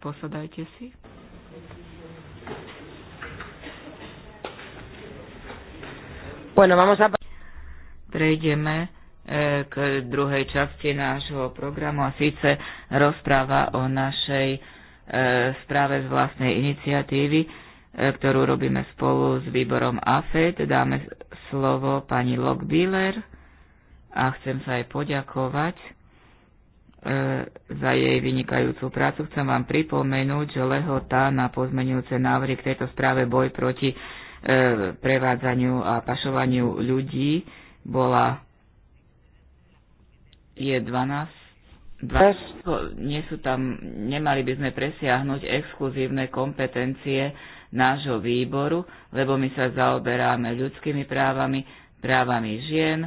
Posadajte si. Bueno, vamos a... Prejdeme eh, k druhej časti nášho programu a síce rozpráva o našej eh, správe z vlastnej iniciatívy, eh, ktorú robíme spolu s výborom AFED. Dáme slovo pani Lockbiller a chcem sa aj poďakovať E, za jej vynikajúcu prácu. Chcem vám pripomenúť, že lehota na pozmenujúce návrhy k tejto správe boj proti e, prevádzaniu a pašovaniu ľudí bola je 12 nie sú tam, nemali by sme presiahnuť exkluzívne kompetencie nášho výboru, lebo my sa zaoberáme ľudskými právami, právami žien,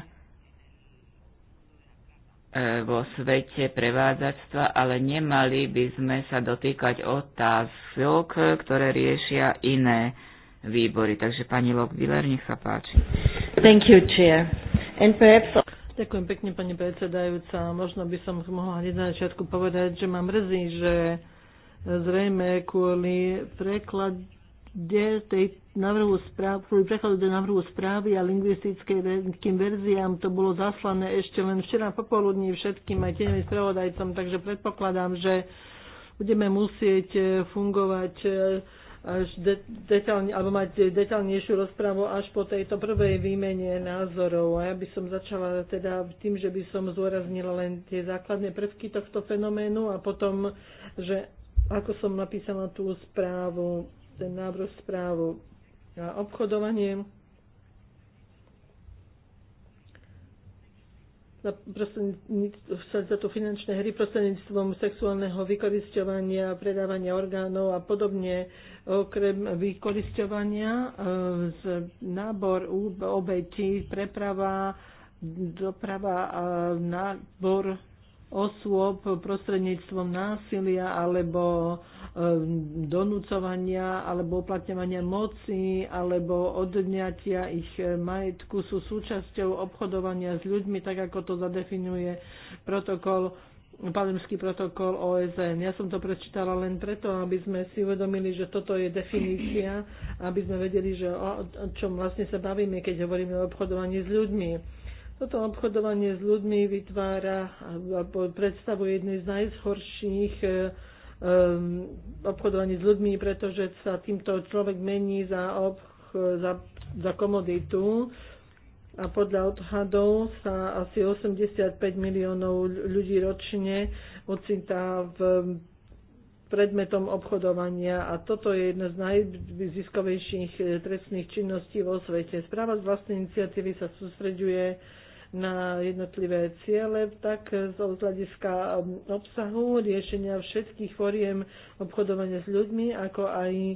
E, vo svete prevádzactva, ale nemali by sme sa dotýkať otázok, ktoré riešia iné výbory. Takže pani Lockbiller, nech sa páči. Thank you, Chair. And perhaps... Ďakujem pekne, pani predsedajúca. Možno by som mohla hneď na začiatku povedať, že mám mrzí, že zrejme kvôli preklad diel tej návrhu správ, prechod do návrhu správy a lingvistickej tým verziám to bolo zaslané ešte len včera popoludní všetkým aj tieňovým spravodajcom, takže predpokladám, že budeme musieť e, fungovať e, až de- detaľne, alebo mať detaľnejšiu rozprávu až po tejto prvej výmene názorov. A ja by som začala teda tým, že by som zdôraznila len tie základné prvky tohto fenoménu a potom, že ako som napísala tú správu, ten návrh správu a obchodovanie za to finančné hry prostredníctvom sexuálneho vykoristovania, predávania orgánov a podobne, okrem vykoristovania, e, nábor obetí, preprava, doprava a e, nábor osôb prostredníctvom násilia alebo donúcovania alebo uplatňovania moci alebo odňatia ich majetku sú súčasťou obchodovania s ľuďmi, tak ako to zadefinuje protokol Palemský protokol OSN. Ja som to prečítala len preto, aby sme si uvedomili, že toto je definícia, aby sme vedeli, že o čom vlastne sa bavíme, keď hovoríme o obchodovaní s ľuďmi toto obchodovanie s ľuďmi vytvára a predstavuje jednu z najhorších um, obchodovaní s ľuďmi, pretože sa týmto človek mení za, ob, za, za komoditu a podľa odhadov sa asi 85 miliónov ľudí ročne ocitá v predmetom obchodovania a toto je jedna z najziskovejších e, trestných činností vo svete. Správa z vlastnej iniciatívy sa sústreďuje na jednotlivé ciele, tak z hľadiska um, obsahu, riešenia všetkých foriem obchodovania s ľuďmi, ako aj e,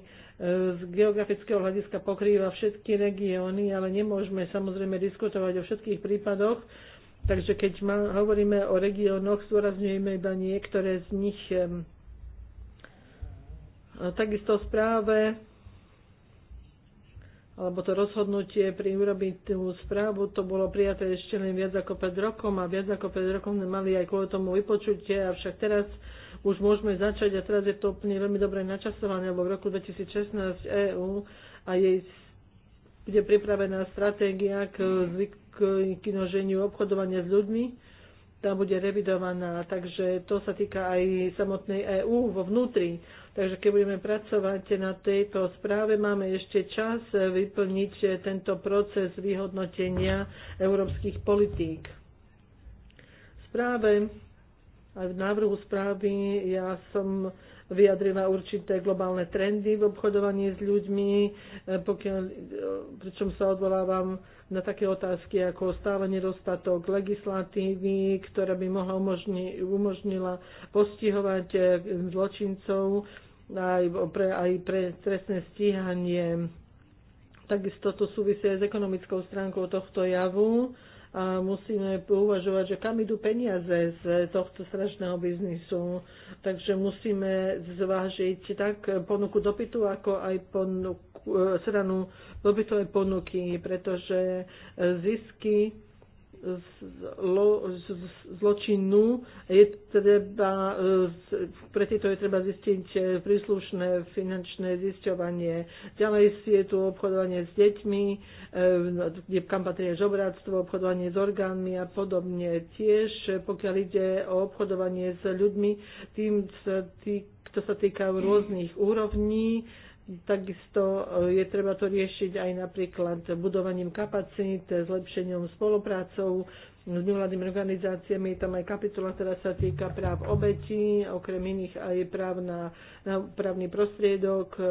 z geografického hľadiska pokrýva všetky regióny, ale nemôžeme samozrejme diskutovať o všetkých prípadoch, Takže keď ma, hovoríme o regiónoch, zdôrazňujeme iba niektoré z nich. Takisto v správe alebo to rozhodnutie pri urobiť tú správu, to bolo prijaté ešte len viac ako 5 rokov a viac ako 5 rokov sme mali aj kvôli tomu vypočutie, avšak teraz už môžeme začať a teraz je to úplne veľmi dobre načasované, lebo v roku 2016 EÚ a jej bude pripravená stratégia k, zvyk, k noženiu obchodovania s ľuďmi, tá bude revidovaná, takže to sa týka aj samotnej EÚ vo vnútri. Takže keď budeme pracovať na tejto správe, máme ešte čas vyplniť tento proces vyhodnotenia európskych politík. V správe a v návrhu správy ja som vyjadrila určité globálne trendy v obchodovaní s ľuďmi, pokiaľ, pričom sa odvolávam na také otázky ako stále nedostatok legislatívy, ktorá by mohla umožni, umožnila postihovať zločincov, aj pre, aj pre trestné stíhanie. Takisto to súvisí aj s ekonomickou stránkou tohto javu a musíme uvažovať, že kam idú peniaze z tohto strašného biznisu. Takže musíme zvážiť tak ponuku dopytu, ako aj ponuku, eh, stranu dopytovej ponuky, pretože zisky z zločinu je treba, e, pre tieto je treba zistiť e, príslušné finančné zisťovanie. Ďalej je tu obchodovanie s deťmi, e, no, kde kam patrie žobráctvo, obchodovanie s orgánmi a podobne. Tiež pokiaľ ide o obchodovanie s ľuďmi, tým sa tý, to sa týka rôznych úrovní, Takisto e, je treba to riešiť aj napríklad budovaním kapacít, zlepšením spoluprácou s nevládnymi organizáciami. Je tam aj kapitola, ktorá sa týka práv obetí, okrem iných aj práv na, na právny prostriedok, e,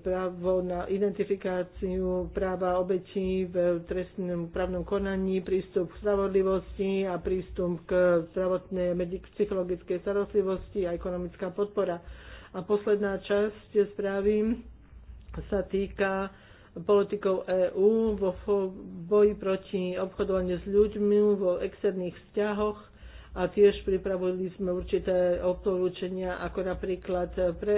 právo na identifikáciu práva obetí v trestnom právnom konaní, prístup k spravodlivosti a prístup k zdravotnej psychologickej starostlivosti a ekonomická podpora. A posledná časť správy sa týka politikov EÚ vo boji proti obchodovaniu s ľuďmi, vo externých vzťahoch a tiež pripravili sme určité odporúčania, ako napríklad pre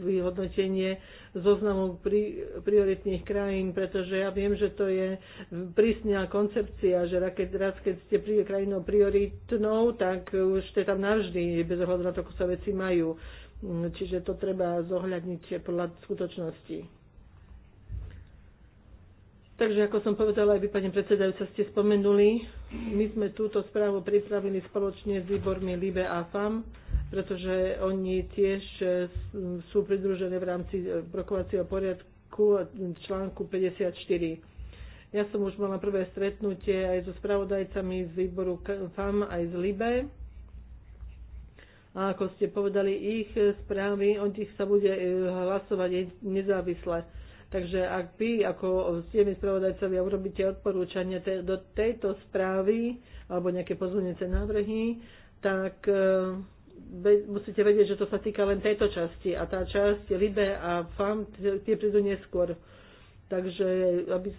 vyhodnotenie zoznamu pri, prioritných krajín, pretože ja viem, že to je prísna koncepcia, že keď, raz, keď ste pri krajinou prioritnou, tak už ste tam navždy, bez ohľadu na to, ako sa veci majú. Čiže to treba zohľadniť podľa skutočnosti. Takže ako som povedala, aj vy, pani predsedajúca, ste spomenuli, my sme túto správu pripravili spoločne s výbormi LIBE a FAM, pretože oni tiež e, sú pridružené v rámci e, rokovacieho poriadku článku 54. Ja som už mala prvé stretnutie aj so spravodajcami z výboru FAM, aj z LIBE a ako ste povedali, ich správy, o nich sa bude e, hlasovať nezávisle. Takže ak vy ako stiemi spravodajcovia urobíte odporúčania te, do tejto správy alebo nejaké pozvonice návrhy, tak e, musíte vedieť, že to sa týka len tejto časti a tá časť Libe a FAM tie prídu neskôr. Takže aby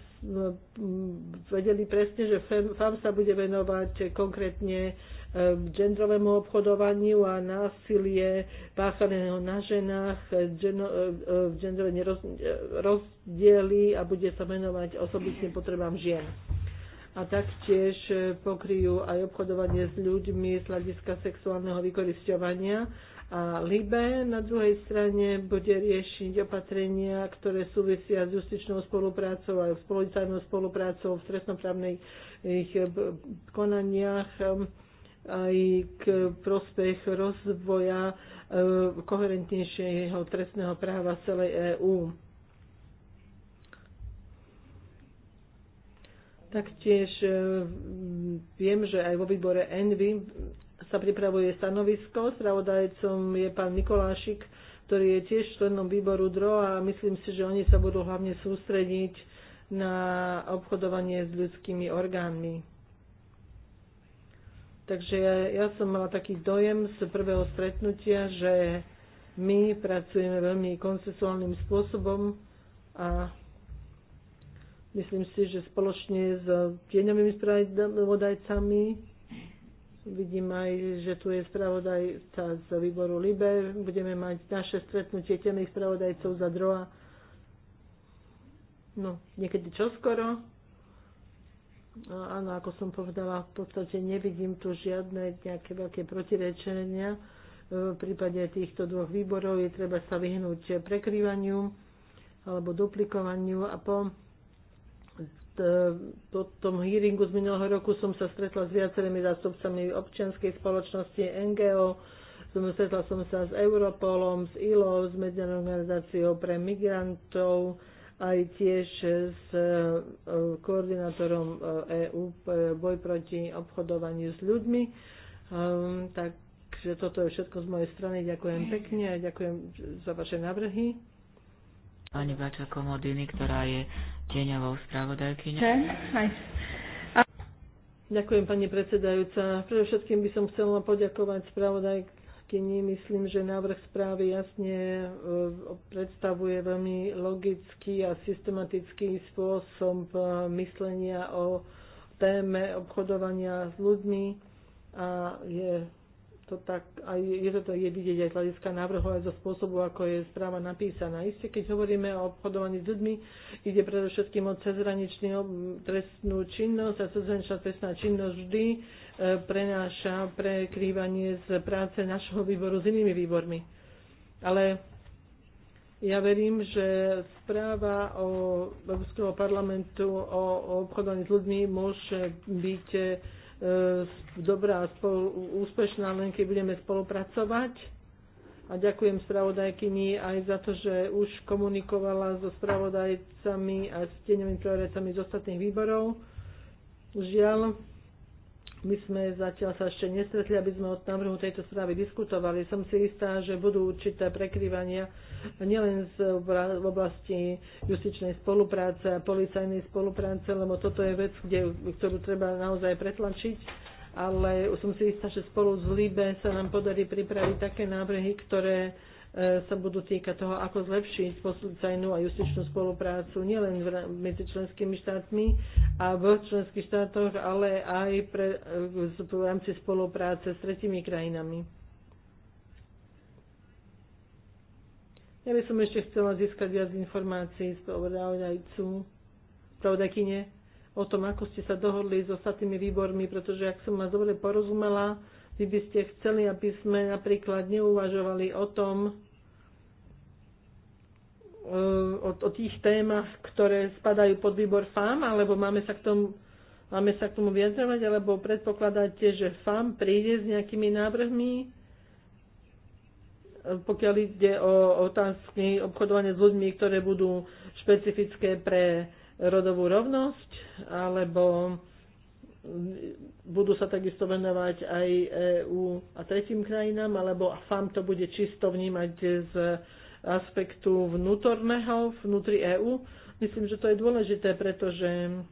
vedeli presne, že FAM e sa bude venovať konkrétne genderovému obchodovaniu a násilie páchaného na ženách, eh, eh, eh, genderové rozdiely a bude sa venovať osobitným potrebám žien a taktiež pokryjú aj obchodovanie s ľuďmi z hľadiska sexuálneho vykoristovania. A Libe na druhej strane bude riešiť opatrenia, ktoré súvisia s justičnou spoluprácou a s policajnou spoluprácou v trestnoprávnych konaniach ehm, aj k prospech rozvoja e, koherentnejšieho trestného práva celej EÚ. Taktiež e, viem, že aj vo výbore ENVY sa pripravuje stanovisko. Spravodajcom je pán Nikolášik, ktorý je tiež členom výboru DRO a myslím si, že oni sa budú hlavne sústrediť na obchodovanie s ľudskými orgánmi. Takže ja, ja som mala taký dojem z prvého stretnutia, že my pracujeme veľmi konsensuálnym spôsobom a myslím si, že spoločne s tieňovými spravodajcami vidím aj, že tu je spravodajca z výboru LIBE. Budeme mať naše stretnutie tieňových spravodajcov za droha no, niekedy čoskoro áno, ako som povedala, v podstate nevidím tu žiadne nejaké veľké protirečenia. E, v prípade týchto dvoch výborov je treba sa vyhnúť prekrývaniu alebo duplikovaniu a po po tom hearingu z minulého roku som sa stretla s viacerými zástupcami občianskej spoločnosti NGO, stretla som sa s Europolom, s ILO, s Medzinárodnou organizáciou pre migrantov, aj tiež s e, koordinátorom EÚ e e, boj proti obchodovaniu s ľuďmi. Ehm, takže toto je všetko z mojej strany. Ďakujem pekne a ďakujem za vaše návrhy. Pani Bača Komodiny, ktorá je tieňovou spravodajkyňou. Ďakujem, pani predsedajúca. Predovšetkým by som chcela poďakovať spravodaj, spravodajkyni. Myslím, že návrh správy jasne e, predstavuje veľmi logický a systematický spôsob e, myslenia o téme obchodovania s ľuďmi a je to tak, aj je to, to je vidieť aj z hľadiska návrhu, aj zo spôsobu, ako je správa napísaná. Isté, keď hovoríme o obchodovaní s ľuďmi, ide predovšetkým o cezhraničnú trestnú činnosť a cezhraničná trestná činnosť vždy E, prenáša prekrývanie z práce našho výboru s inými výbormi. Ale ja verím, že správa o Európskeho parlamentu o, obchodovaní s ľuďmi môže byť e, dobrá a úspešná, len keď budeme spolupracovať. A ďakujem spravodajkyni aj za to, že už komunikovala so spravodajcami a s tieňovými prioritami z ostatných výborov. Žiaľ, my sme zatiaľ sa ešte nestretli, aby sme od návrhu tejto správy diskutovali. Som si istá, že budú určité prekrývania nielen z oblasti justičnej spolupráce a policajnej spolupráce, lebo toto je vec, kde, ktorú treba naozaj pretlačiť, ale som si istá, že spolu s Libe sa nám podarí pripraviť také návrhy, ktoré E, sa budú týkať toho, ako zlepšiť policajnú a justičnú spoluprácu nielen medzi členskými štátmi a v členských štátoch, ale aj pre, e, v rámci spolupráce s tretimi krajinami. Ja by som ešte chcela získať viac informácií z pravodajcu, pravodajkyne, o tom, ako ste sa dohodli s ostatnými výbormi, pretože ak som vás dobre porozumela, vy by ste chceli, aby sme napríklad neuvažovali o tom, o, o tých témach, ktoré spadajú pod výbor FAM, alebo máme sa k tomu, máme sa k tomu vyjadrovať, alebo predpokladáte, že FAM príde s nejakými návrhmi, pokiaľ ide o otázky obchodovania s ľuďmi, ktoré budú špecifické pre rodovú rovnosť, alebo budú sa takisto venovať aj EU a tretím krajinám, alebo FAM to bude čisto vnímať z aspektu vnútorného vnútri EÚ. Myslím, že to je dôležité, pretože ehm,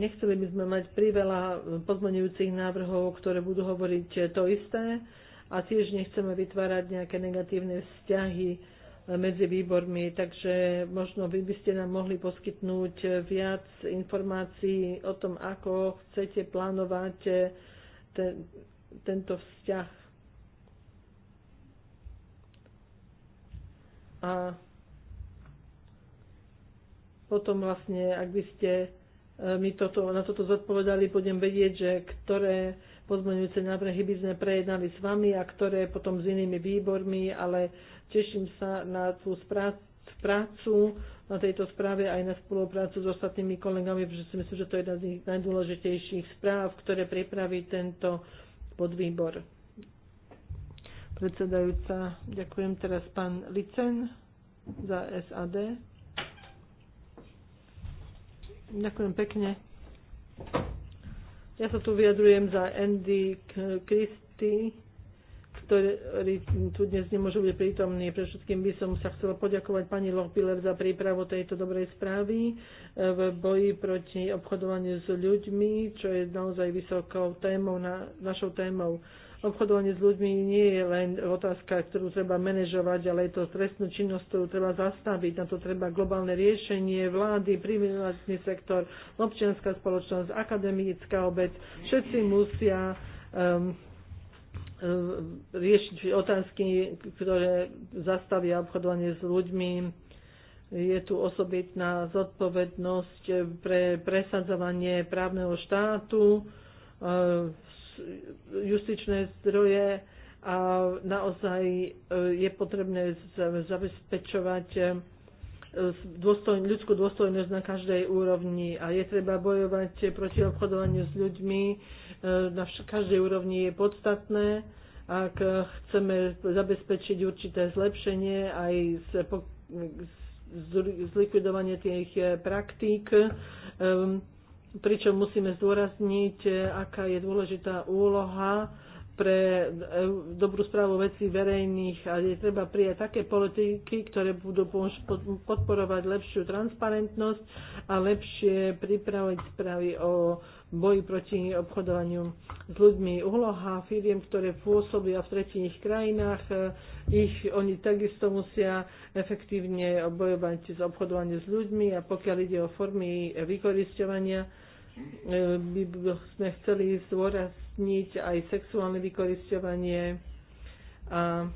nechceli by sme mať priveľa pozmenujúcich návrhov, ktoré budú hovoriť to isté a tiež nechceme vytvárať nejaké negatívne vzťahy eh, medzi výbormi, takže možno vy by ste nám mohli poskytnúť viac informácií o tom, ako chcete plánovať eh, ten, tento vzťah A potom vlastne, ak by ste e, mi toto, na toto zodpovedali, budem vedieť, že ktoré pozmeňujúce návrhy by sme prejednali s vami a ktoré potom s inými výbormi, ale teším sa na tú prácu na tejto správe aj na spoluprácu s ostatnými kolegami, pretože si myslím, že to je jedna z najdôležitejších správ, ktoré pripraví tento podvýbor predsedajúca. Ďakujem teraz pán Licen za SAD. Ďakujem pekne. Ja sa tu vyjadrujem za Andy Kristy, ktorý tu dnes nemôže byť prítomný. Pre všetkým by som sa chcela poďakovať pani Lochbiller za prípravu tejto dobrej správy eh, v boji proti obchodovaniu s ľuďmi, čo je naozaj vysokou témou, na, našou témou Obchodovanie s ľuďmi nie je len otázka, ktorú treba manažovať, ale je to trestnú činnosť, ktorú treba zastaviť. Na to treba globálne riešenie vlády, privilegovaný sektor, občianská spoločnosť, akademická obec. Všetci musia um, um, riešiť otázky, ktoré zastavia obchodovanie s ľuďmi. Je tu osobitná zodpovednosť pre presadzovanie právneho štátu, uh, justičné zdroje a naozaj e, je potrebné zabezpečovať e, dôstojn, ľudskú dôstojnosť na každej úrovni a je treba bojovať proti obchodovaniu s ľuďmi e, na každej úrovni je podstatné. Ak chceme zabezpečiť určité zlepšenie aj z, po, z zlikvidovanie tých praktík, um, pričom musíme zdôrazniť, e, aká je dôležitá úloha pre e, dobrú správu vecí verejných a je treba prijať také politiky, ktoré budú podporovať lepšiu transparentnosť a lepšie pripraviť správy o boji proti obchodovaniu s ľuďmi. Úloha firiem, ktoré pôsobia v tretích krajinách, e, ich oni takisto musia efektívne bojovať s obchodovaním s ľuďmi a pokiaľ ide o formy vykoristovania, by e, sme chceli zdôrazniť aj sexuálne vykoristovanie a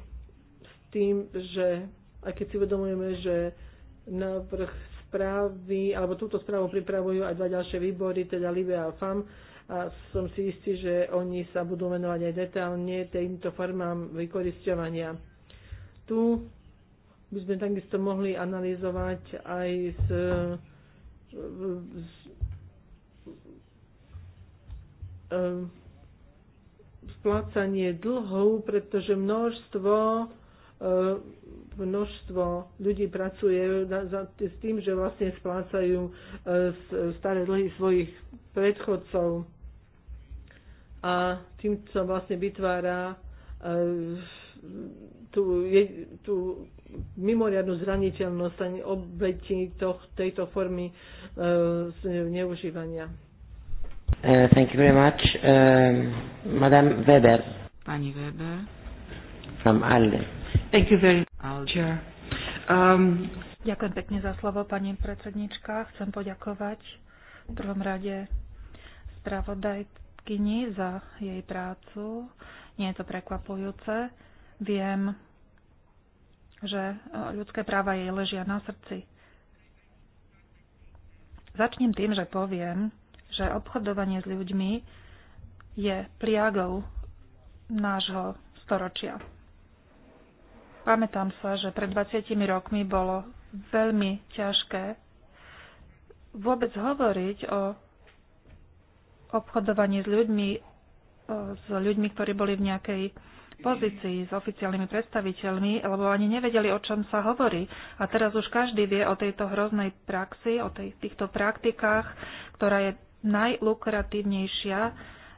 s tým, že aj keď si uvedomujeme, že návrh správy, alebo túto správu pripravujú aj dva ďalšie výbory, teda Libe a FAM, a som si istý, že oni sa budú venovať aj detálne týmto formám vykoristovania. Tu by sme takisto mohli analyzovať aj z, z Eh, splácanie dlhov, pretože množstvo eh, množstvo ľudí pracuje s tým, že vlastne splácajú eh, staré dlhy svojich predchodcov a tým sa vlastne vytvára tú, tú mimoriadnú zraniteľnosť ani obeti tejto formy neužívania. zneužívania. Uh, thank you very much. Uh, Madame Weber. Pani Weber. From ALDE. Thank you very much. ALDE. Um, Ďakujem pekne za slovo, pani predsednička. Chcem poďakovať v prvom rade spravodajkyni za jej prácu. Nie je to prekvapujúce. Viem, že e, ľudské práva jej ležia na srdci. Začnem tým, že poviem, že obchodovanie s ľuďmi je priagou nášho storočia. Pamätám sa, že pred 20 rokmi bolo veľmi ťažké vôbec hovoriť o obchodovaní s ľuďmi, e, s ľuďmi, ktorí boli v nejakej pozícii s oficiálnymi predstaviteľmi, lebo ani nevedeli, o čom sa hovorí. A teraz už každý vie o tejto hroznej praxi, o tej, týchto praktikách, ktorá je najlukratívnejšia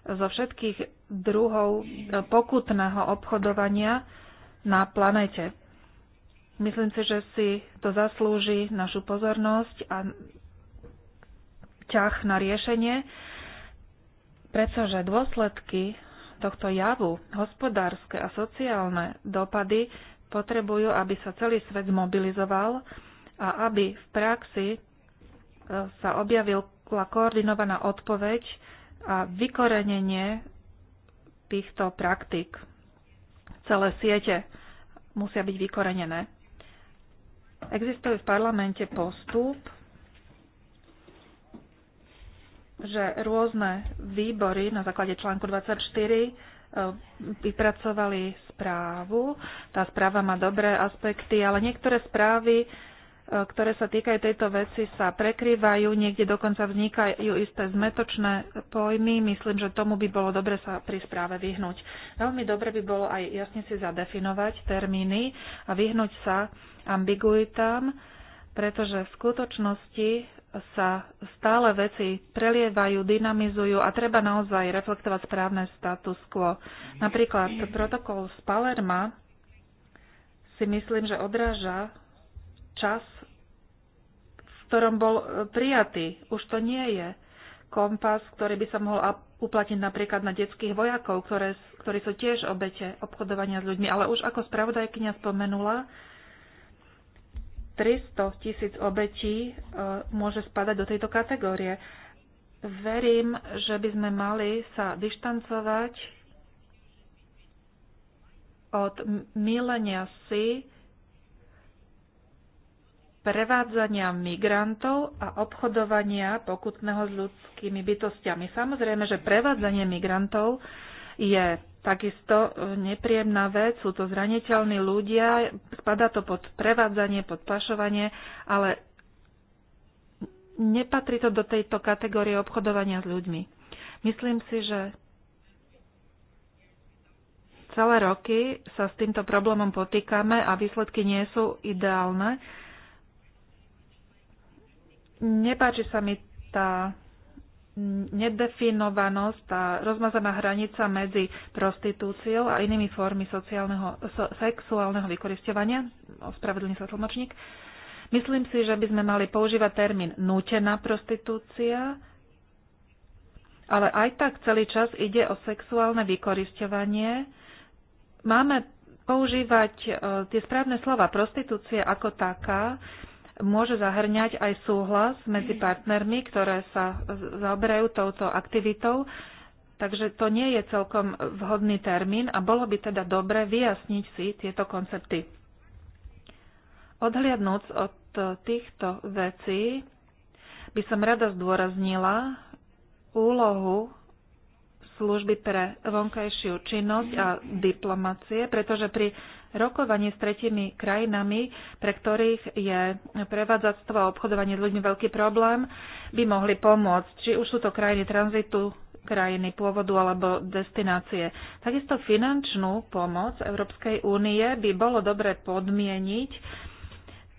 zo všetkých druhov e, pokutného obchodovania na planete. Myslím si, že si to zaslúži našu pozornosť a ťah na riešenie, pretože dôsledky tohto javu, hospodárske a sociálne dopady potrebujú, aby sa celý svet zmobilizoval a aby v praxi e, sa objavil bola koordinovaná odpoveď a vykorenenie týchto praktik. Celé siete musia byť vykorenené. Existuje v parlamente postup, že rôzne výbory na základe článku 24 e, vypracovali správu. Tá správa má dobré aspekty, ale niektoré správy E, ktoré sa týkajú tejto veci, sa prekrývajú, niekde dokonca vznikajú isté zmetočné pojmy. Myslím, že tomu by bolo dobre sa pri správe vyhnúť. Veľmi dobre by bolo aj jasne si zadefinovať termíny a vyhnúť sa ambiguitám, pretože v skutočnosti sa stále veci prelievajú, dynamizujú a treba naozaj reflektovať správne status quo. Napríklad protokol z Palerma si myslím, že odráža čas ktorom bol e, prijatý. Už to nie je kompas, ktorý by sa mohol uplatniť napríklad na detských vojakov, ktoré, ktorí sú tiež obete obchodovania s ľuďmi. Ale už ako spravodajkynia spomenula, 300 tisíc obetí e, môže spadať do tejto kategórie. Verím, že by sme mali sa vyštancovať od milenia si prevádzania migrantov a obchodovania pokutného s ľudskými bytostiami. Samozrejme, že prevádzanie migrantov je takisto e, nepríjemná vec, sú to zraniteľní ľudia, spada to pod prevádzanie, pod pašovanie, ale nepatrí to do tejto kategórie obchodovania s ľuďmi. Myslím si, že celé roky sa s týmto problémom potýkame a výsledky nie sú ideálne. Nepáči sa mi tá nedefinovanosť, tá rozmazaná hranica medzi prostitúciou a inými formy sociálneho, so, sexuálneho vykoristovania, ospravedlní sa tlmočník. Myslím si, že by sme mali používať termín nútená prostitúcia, ale aj tak celý čas ide o sexuálne vykoristovanie. Máme používať e, tie správne slova prostitúcia ako taká, môže zahrňať aj súhlas medzi partnermi, ktoré sa zaoberajú touto aktivitou. Takže to nie je celkom vhodný termín a bolo by teda dobre vyjasniť si tieto koncepty. Odhliadnúc od týchto vecí, by som rada zdôraznila úlohu služby pre vonkajšiu činnosť a diplomacie, pretože pri rokovanie s tretimi krajinami, pre ktorých je prevádzactvo a obchodovanie s ľuďmi veľký problém, by mohli pomôcť. Či už sú to krajiny tranzitu, krajiny pôvodu alebo destinácie. Takisto finančnú pomoc Európskej únie by bolo dobre podmieniť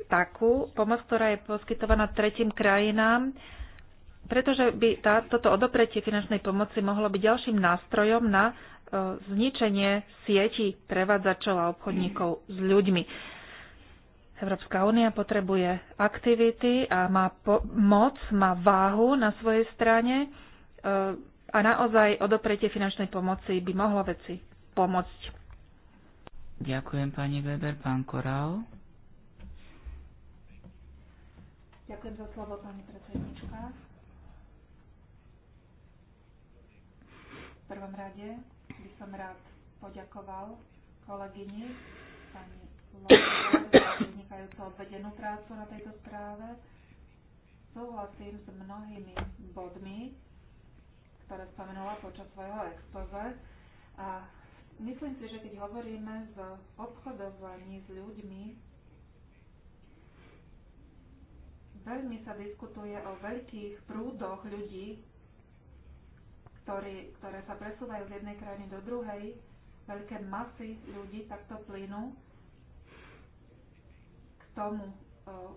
takú pomoc, ktorá je poskytovaná tretím krajinám, pretože by tá, toto odopretie finančnej pomoci mohlo byť ďalším nástrojom na e, zničenie sieti prevádzačov a obchodníkov s ľuďmi. Európska únia potrebuje aktivity a má po- moc, má váhu na svojej strane e, a naozaj odopretie finančnej pomoci by mohlo veci pomôcť. Ďakujem pani Weber, pán Koral. Ďakujem za slovo, pani predsednička. prvom rade by som rád poďakoval kolegyni pani Lovára za vynikajúcu odvedenú prácu na tejto správe. Súhlasím s mnohými bodmi, ktoré spomenula počas svojho expoze. A myslím si, že keď hovoríme o obchodovaní s ľuďmi, veľmi sa diskutuje o veľkých prúdoch ľudí, ktorý, ktoré sa presúvajú z jednej krajiny do druhej, veľké masy ľudí takto plynú. K tomu e,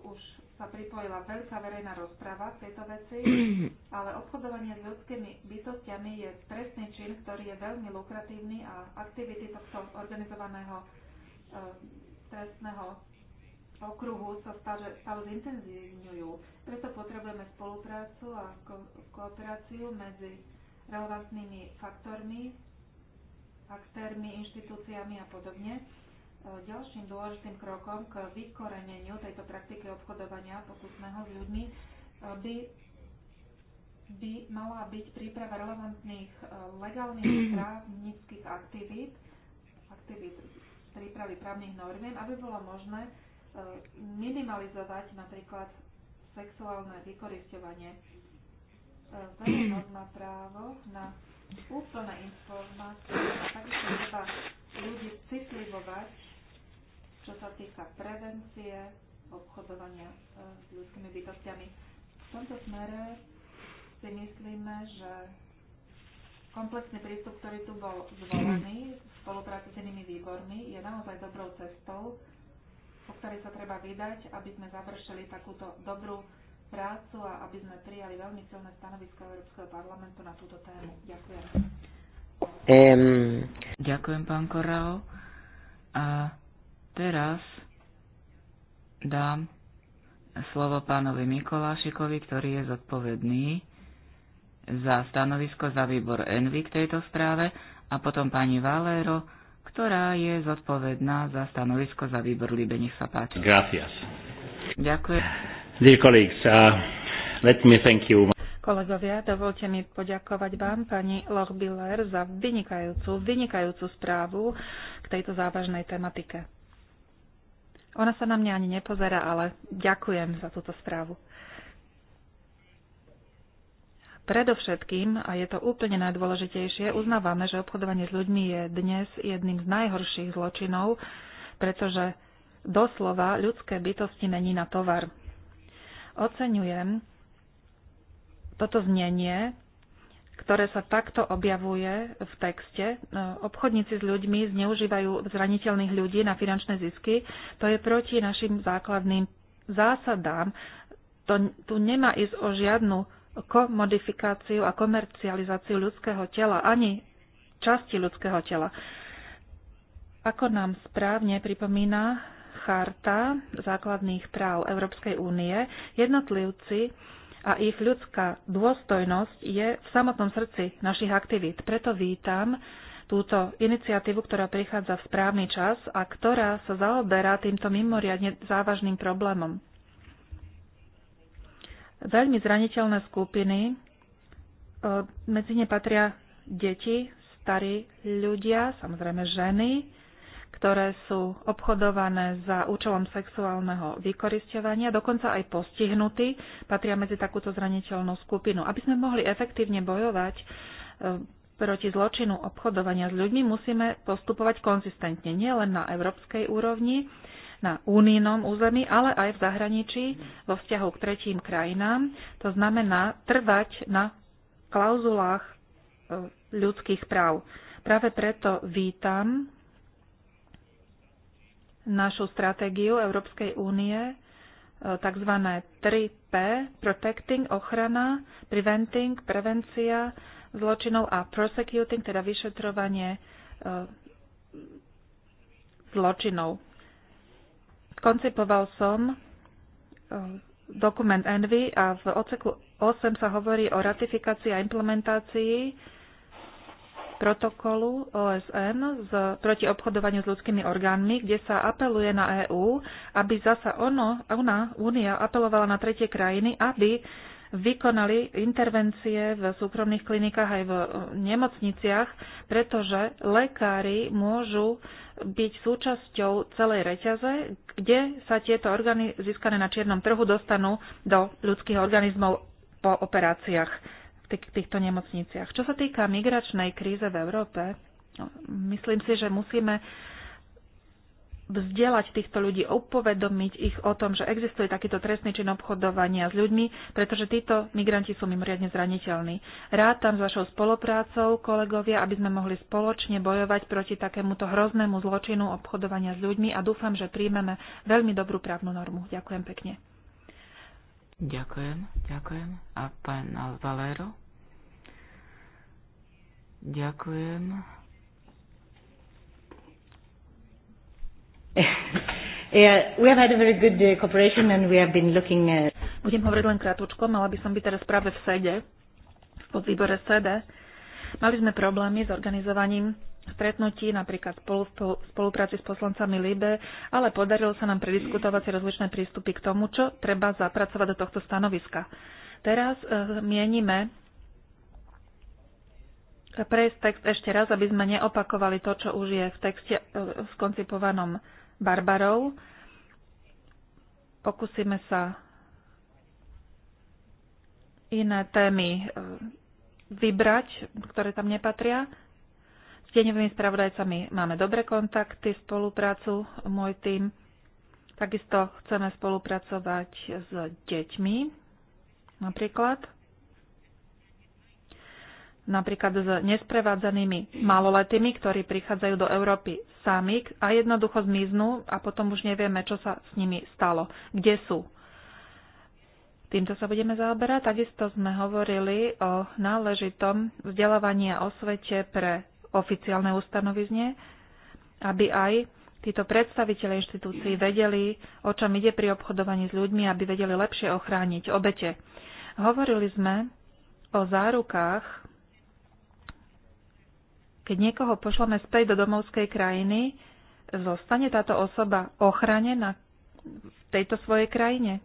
už sa pripojila veľká verejná rozprava v tejto veci, ale obchodovanie s ľudskými bytostiami je trestný čin, ktorý je veľmi lukratívny a aktivity tohto organizovaného e, trestného okruhu sa stále, stále zintenzívňujú. Preto potrebujeme spoluprácu a ko- kooperáciu medzi relevantnými faktormi, aktérmi, inštitúciami a podobne. E, ďalším dôležitým krokom k vykoreneniu tejto praktiky obchodovania pokusného s ľuďmi e, by, by mala byť príprava relevantných e, legálnych právnických aktivít, aktivít prípravy právnych normiem, aby bolo možné minimalizovať napríklad sexuálne vykoristovanie verejnosť má právo na úplné informácie a takisto treba ľudí citlivovať, čo sa týka prevencie, obchodovania e, s ľudskými bytostiami. V tomto smere si myslíme, že komplexný prístup, ktorý tu bol zvolený v spolupráci s inými výbormi, je naozaj dobrou cestou, po ktorej sa treba vydať, aby sme završili takúto dobrú prácu a aby sme prijali veľmi silné stanovisko Európskeho parlamentu na túto tému. Ďakujem. Um. Ďakujem, pán Korao. A teraz dám slovo pánovi Mikolášikovi, ktorý je zodpovedný za stanovisko za výbor Envy k tejto správe a potom pani Valero, ktorá je zodpovedná za stanovisko za výbor Libe. Nech sa páči. Gracias. Ďakujem. Dear colleagues, uh, let me thank you. Kolegovia, dovolte mi poďakovať vám, pani Lochbiller, za vynikajúcu, vynikajúcu správu k tejto závažnej tematike. Ona sa na mňa ani nepozerá, ale ďakujem za túto správu. Predovšetkým, a je to úplne najdôležitejšie, uznávame, že obchodovanie s ľuďmi je dnes jedným z najhorších zločinov, pretože doslova ľudské bytosti mení na tovar. Oceňujem toto znenie, ktoré sa takto objavuje v texte. Obchodníci s ľuďmi zneužívajú zraniteľných ľudí na finančné zisky. To je proti našim základným zásadám. To, tu nemá ísť o žiadnu komodifikáciu a komercializáciu ľudského tela, ani časti ľudského tela. Ako nám správne pripomína charta základných práv Európskej únie, jednotlivci a ich ľudská dôstojnosť je v samotnom srdci našich aktivít. Preto vítam túto iniciatívu, ktorá prichádza v správny čas a ktorá sa zaoberá týmto mimoriadne závažným problémom. Veľmi zraniteľné skupiny, e, medzi ne patria deti, starí ľudia, samozrejme ženy, ktoré sú obchodované za účelom sexuálneho vykoristovania, dokonca aj postihnutí, patria medzi takúto zraniteľnú skupinu. Aby sme mohli efektívne bojovať e, proti zločinu obchodovania s ľuďmi, musíme postupovať konzistentne, nielen na európskej úrovni, na unijnom území, ale aj v zahraničí vo vzťahu k tretím krajinám. To znamená trvať na klauzulách e, ľudských práv. Práve preto vítam našu stratégiu Európskej únie, e, tzv. 3P, Protecting, ochrana, Preventing, prevencia zločinov a Prosecuting, teda vyšetrovanie e, zločinov. Koncipoval som e, dokument Envy a v oceku 8 sa hovorí o ratifikácii a implementácii protokolu OSN z, proti obchodovaniu s ľudskými orgánmi, kde sa apeluje na EÚ, aby zasa ono, ona, Únia apelovala na tretie krajiny, aby vykonali intervencie v súkromných klinikách aj v e, nemocniciach, pretože lekári môžu byť súčasťou celej reťaze, kde sa tieto orgány získané na čiernom trhu dostanú do ľudských organizmov po operáciách týchto nemocniciach. Čo sa týka migračnej kríze v Európe, no, myslím si, že musíme vzdelať týchto ľudí, upovedomiť ich o tom, že existuje takýto trestný čin obchodovania s ľuďmi, pretože títo migranti sú mimoriadne zraniteľní. Rád tam s vašou spoluprácou, kolegovia, aby sme mohli spoločne bojovať proti takémuto hroznému zločinu obchodovania s ľuďmi a dúfam, že príjmeme veľmi dobrú právnu normu. Ďakujem pekne. Ďakujem, ďakujem. A pán Valero? Ďakujem. Yeah, we have had a very good uh, cooperation and we have been looking at... Budem hovoriť len krátko, mala by som byť teraz práve v sede, v podvýbore sede. Mali sme problémy s organizovaním stretnutí, napríklad spolu, spolupráci s poslancami LIBE, ale podarilo sa nám prediskutovať si rozličné prístupy k tomu, čo treba zapracovať do tohto stanoviska. Teraz e, mienime e, prejsť text ešte raz, aby sme neopakovali to, čo už je v texte e, skoncipovanom Barbarou. Pokúsime sa iné témy e, vybrať, ktoré tam nepatria tieňovými spravodajcami máme dobré kontakty, spoluprácu, môj tým. Takisto chceme spolupracovať s deťmi, napríklad. Napríklad s nesprevádzanými maloletými, ktorí prichádzajú do Európy sami a jednoducho zmiznú a potom už nevieme, čo sa s nimi stalo, kde sú. Týmto sa budeme zaoberať. Takisto sme hovorili o náležitom vzdelávaní a osvete pre oficiálne ustanovizne, aby aj títo predstaviteľe inštitúcií vedeli, o čom ide pri obchodovaní s ľuďmi, aby vedeli lepšie ochrániť obete. Hovorili sme o zárukách, keď niekoho pošleme späť do domovskej krajiny, zostane táto osoba ochránená v tejto svojej krajine?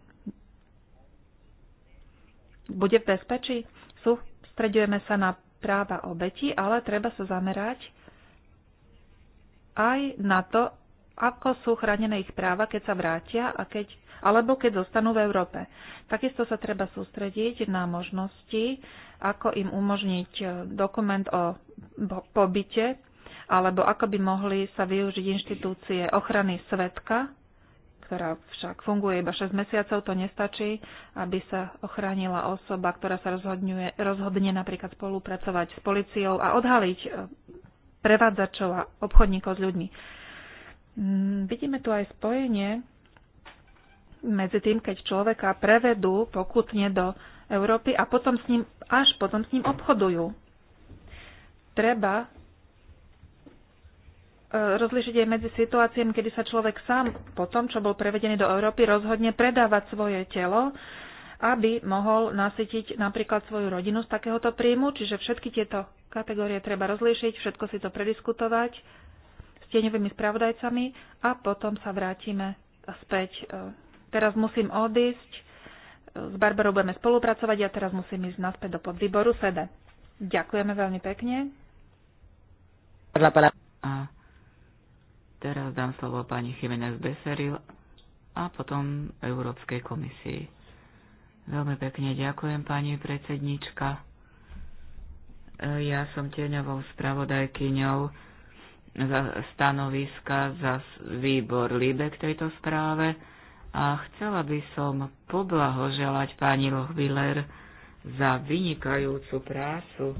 Bude v bezpečí? Sústredujeme sa na práva obeti, ale treba sa zamerať aj na to, ako sú chránené ich práva, keď sa vrátia a keď, alebo keď zostanú v Európe. Takisto sa treba sústrediť na možnosti, ako im umožniť e, dokument o pobyte, alebo ako by mohli sa využiť inštitúcie ochrany svetka ktorá však funguje iba 6 mesiacov, to nestačí, aby sa ochránila osoba, ktorá sa rozhodňuje rozhodne napríklad spolupracovať s policiou a odhaliť e, prevádzačov a obchodníkov s ľuďmi. Mm, vidíme tu aj spojenie medzi tým, keď človeka prevedú pokutne do Európy a potom s ním, až potom s ním obchodujú. Treba rozlišiť aj medzi situáciami, kedy sa človek sám po tom, čo bol prevedený do Európy, rozhodne predávať svoje telo, aby mohol nasytiť napríklad svoju rodinu z takéhoto príjmu. Čiže všetky tieto kategórie treba rozlíšiť, všetko si to prediskutovať s tieňovými spravodajcami a potom sa vrátime späť. E, teraz musím odísť. E, s Barbarou budeme spolupracovať. Ja teraz musím ísť naspäť do podvýboru SEDE. Ďakujeme veľmi pekne. Uh-huh. Teraz dám slovo pani Chimenez Beseril a potom Európskej komisii. Veľmi pekne ďakujem, pani predsednička. Ja som tieňovou spravodajkyňou za stanoviska za výbor líbe k tejto správe a chcela by som poblahoželať pani Lochviller za vynikajúcu prácu.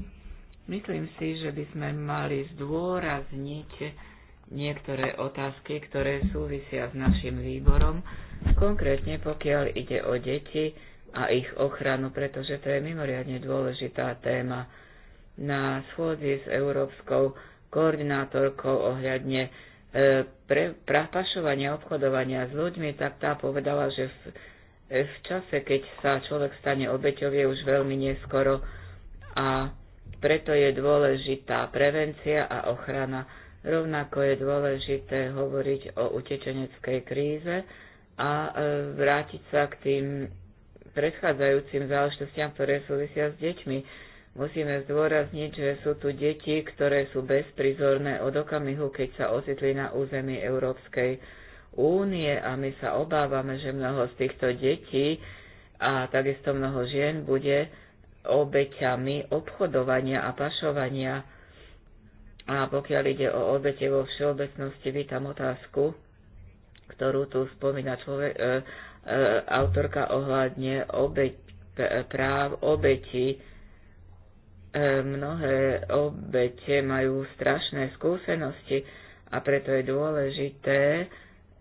Myslím si, že by sme mali zdôrazniť niektoré otázky, ktoré súvisia s našim výborom, konkrétne pokiaľ ide o deti a ich ochranu, pretože to je mimoriadne dôležitá téma. Na schôdzi s Európskou koordinátorkou ohľadne e, pre, prapašovania, obchodovania s ľuďmi, tak tá povedala, že v, e, v čase, keď sa človek stane obeťou, je už veľmi neskoro a preto je dôležitá prevencia a ochrana Rovnako je dôležité hovoriť o utečeneckej kríze a e, vrátiť sa k tým predchádzajúcim záležitostiam, ktoré súvisia s deťmi. Musíme zdôrazniť, že sú tu deti, ktoré sú bezprizorné od okamihu, keď sa ocitli na území Európskej únie a my sa obávame, že mnoho z týchto detí a takisto mnoho žien bude obeťami obchodovania a pašovania. A pokiaľ ide o obete vo všeobecnosti, vítam otázku, ktorú tu spomína človek, e, e, autorka ohľadne obeť, práv obetí. E, mnohé obete majú strašné skúsenosti a preto je dôležité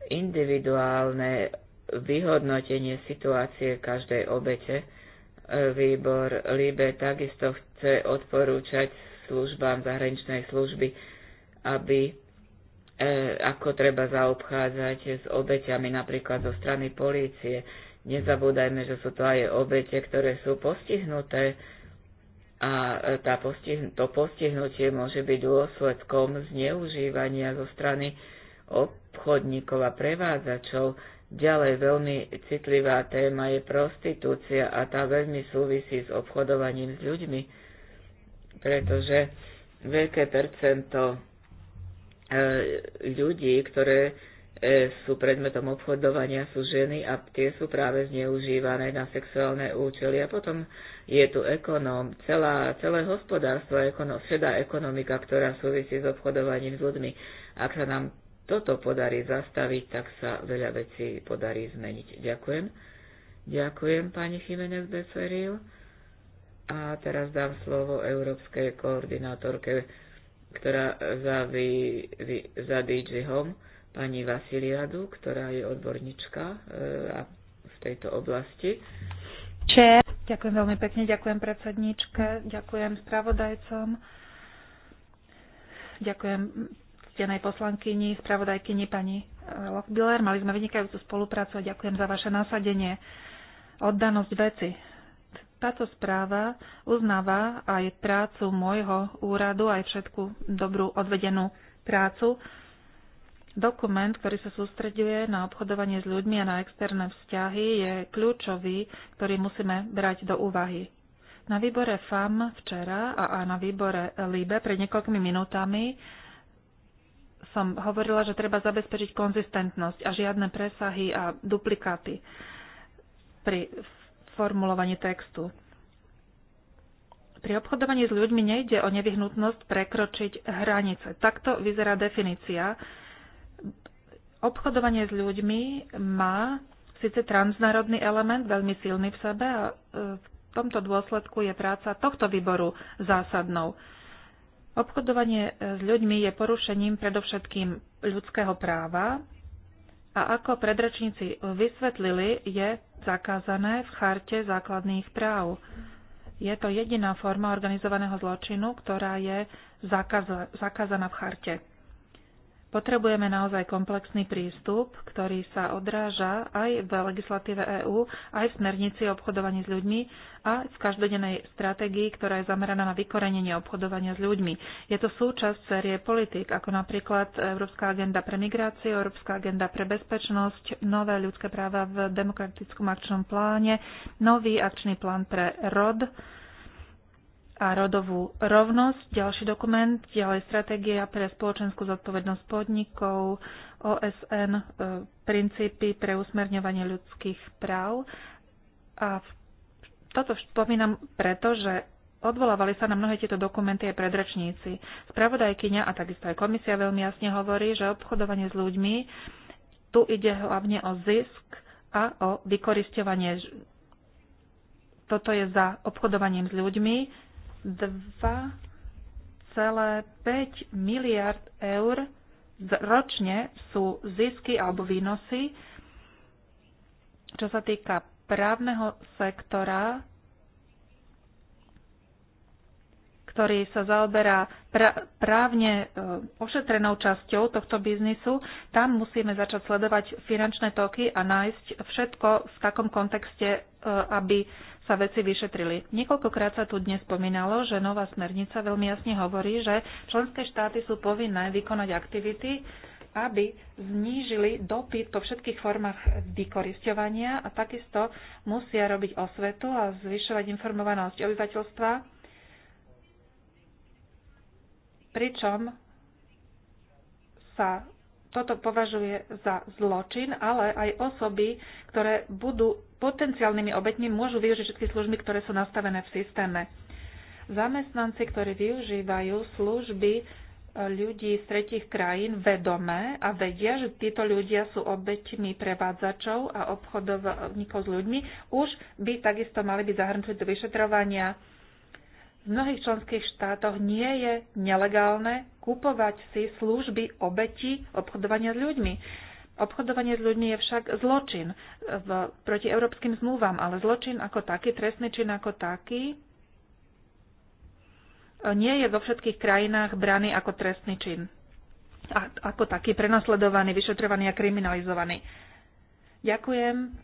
individuálne vyhodnotenie situácie každej obete. E, výbor Libe takisto chce odporúčať službám zahraničnej služby, aby e, ako treba zaobchádzať s obeťami napríklad zo strany polície. Nezabúdajme, že sú to aj obete, ktoré sú postihnuté a e, tá postih- to postihnutie môže byť dôsledkom zneužívania zo strany obchodníkov a prevádzačov. Ďalej veľmi citlivá téma je prostitúcia a tá veľmi súvisí s obchodovaním s ľuďmi pretože veľké percento e, ľudí, ktoré e, sú predmetom obchodovania, sú ženy a tie sú práve zneužívané na sexuálne účely. A potom je tu ekonóm, celá, celé hospodárstvo, ekono, šedá ekonomika, ktorá súvisí s obchodovaním s ľuďmi. Ak sa nám toto podarí zastaviť, tak sa veľa vecí podarí zmeniť. Ďakujem. Ďakujem, pani Chimenez Beferil. A teraz dám slovo európskej koordinátorke, ktorá za, vy, vy, za DJ Home, pani Vasiliadu, ktorá je odborníčka e, v tejto oblasti. Če. Ďakujem veľmi pekne, ďakujem predsedničke, ďakujem spravodajcom, ďakujem ctenej poslankyni, spravodajkyni pani e, Lochbiller. Mali sme vynikajúcu spoluprácu a ďakujem za vaše nasadenie, oddanosť veci táto správa uznáva aj prácu môjho úradu, aj všetku dobrú odvedenú prácu. Dokument, ktorý sa sústreďuje na obchodovanie s ľuďmi a na externé vzťahy, je kľúčový, ktorý musíme brať do úvahy. Na výbore FAM včera a na výbore LIBE pred niekoľkými minútami som hovorila, že treba zabezpečiť konzistentnosť a žiadne presahy a duplikáty pri formulovanie textu. Pri obchodovaní s ľuďmi nejde o nevyhnutnosť prekročiť hranice. Takto vyzerá definícia. Obchodovanie s ľuďmi má síce transnárodný element, veľmi silný v sebe a e, v tomto dôsledku je práca tohto výboru zásadnou. Obchodovanie e, s ľuďmi je porušením predovšetkým ľudského práva, a ako predračníci vysvetlili, je zakázané v charte základných práv. Je to jediná forma organizovaného zločinu, ktorá je zakázaná v charte. Potrebujeme naozaj komplexný prístup, ktorý sa odráža aj v legislatíve EÚ, aj v smernici o obchodovaní s ľuďmi a v každodennej stratégii, ktorá je zameraná na vykorenenie obchodovania s ľuďmi. Je to súčasť série politik, ako napríklad Európska agenda pre migráciu, Európska agenda pre bezpečnosť, nové ľudské práva v demokratickom akčnom pláne, nový akčný plán pre ROD, a rodovú rovnosť. Ďalší dokument, ďalej stratégia pre spoločenskú zodpovednosť podnikov, OSN, e, princípy pre usmerňovanie ľudských práv. A toto spomínam preto, že odvolávali sa na mnohé tieto dokumenty aj predračníci. Spravodajkyňa a takisto aj komisia veľmi jasne hovorí, že obchodovanie s ľuďmi, tu ide hlavne o zisk a o vykoristovanie. Toto je za obchodovaním s ľuďmi, 2,5 miliard eur ročne sú zisky alebo výnosy. Čo sa týka právneho sektora, ktorý sa zaoberá právne e, ošetrenou časťou tohto biznisu, tam musíme začať sledovať finančné toky a nájsť všetko v takom kontexte, E, aby sa veci vyšetrili. Niekoľkokrát sa tu dnes spomínalo, že nová smernica veľmi jasne hovorí, že členské štáty sú povinné vykonať aktivity, aby znížili dopyt po všetkých formách vykoristovania a takisto musia robiť osvetu a zvyšovať informovanosť obyvateľstva, pričom sa toto považuje za zločin, ale aj osoby, ktoré budú potenciálnymi obetmi, môžu využiť všetky služby, ktoré sú nastavené v systéme. Zamestnanci, ktorí využívajú služby e, ľudí z tretich krajín vedomé a vedia, že títo ľudia sú obeťmi prevádzačov a obchodovníkov s ľuďmi, už by takisto mali byť zahrnutí do vyšetrovania v mnohých členských štátoch nie je nelegálne kupovať si služby obeti obchodovania s ľuďmi. Obchodovanie s ľuďmi je však zločin eh, v, proti európskym zmluvám, ale zločin ako taký, trestný čin ako taký, eh, nie je vo všetkých krajinách braný ako trestný čin. A, ako taký prenasledovaný, vyšetrovaný a kriminalizovaný. Ďakujem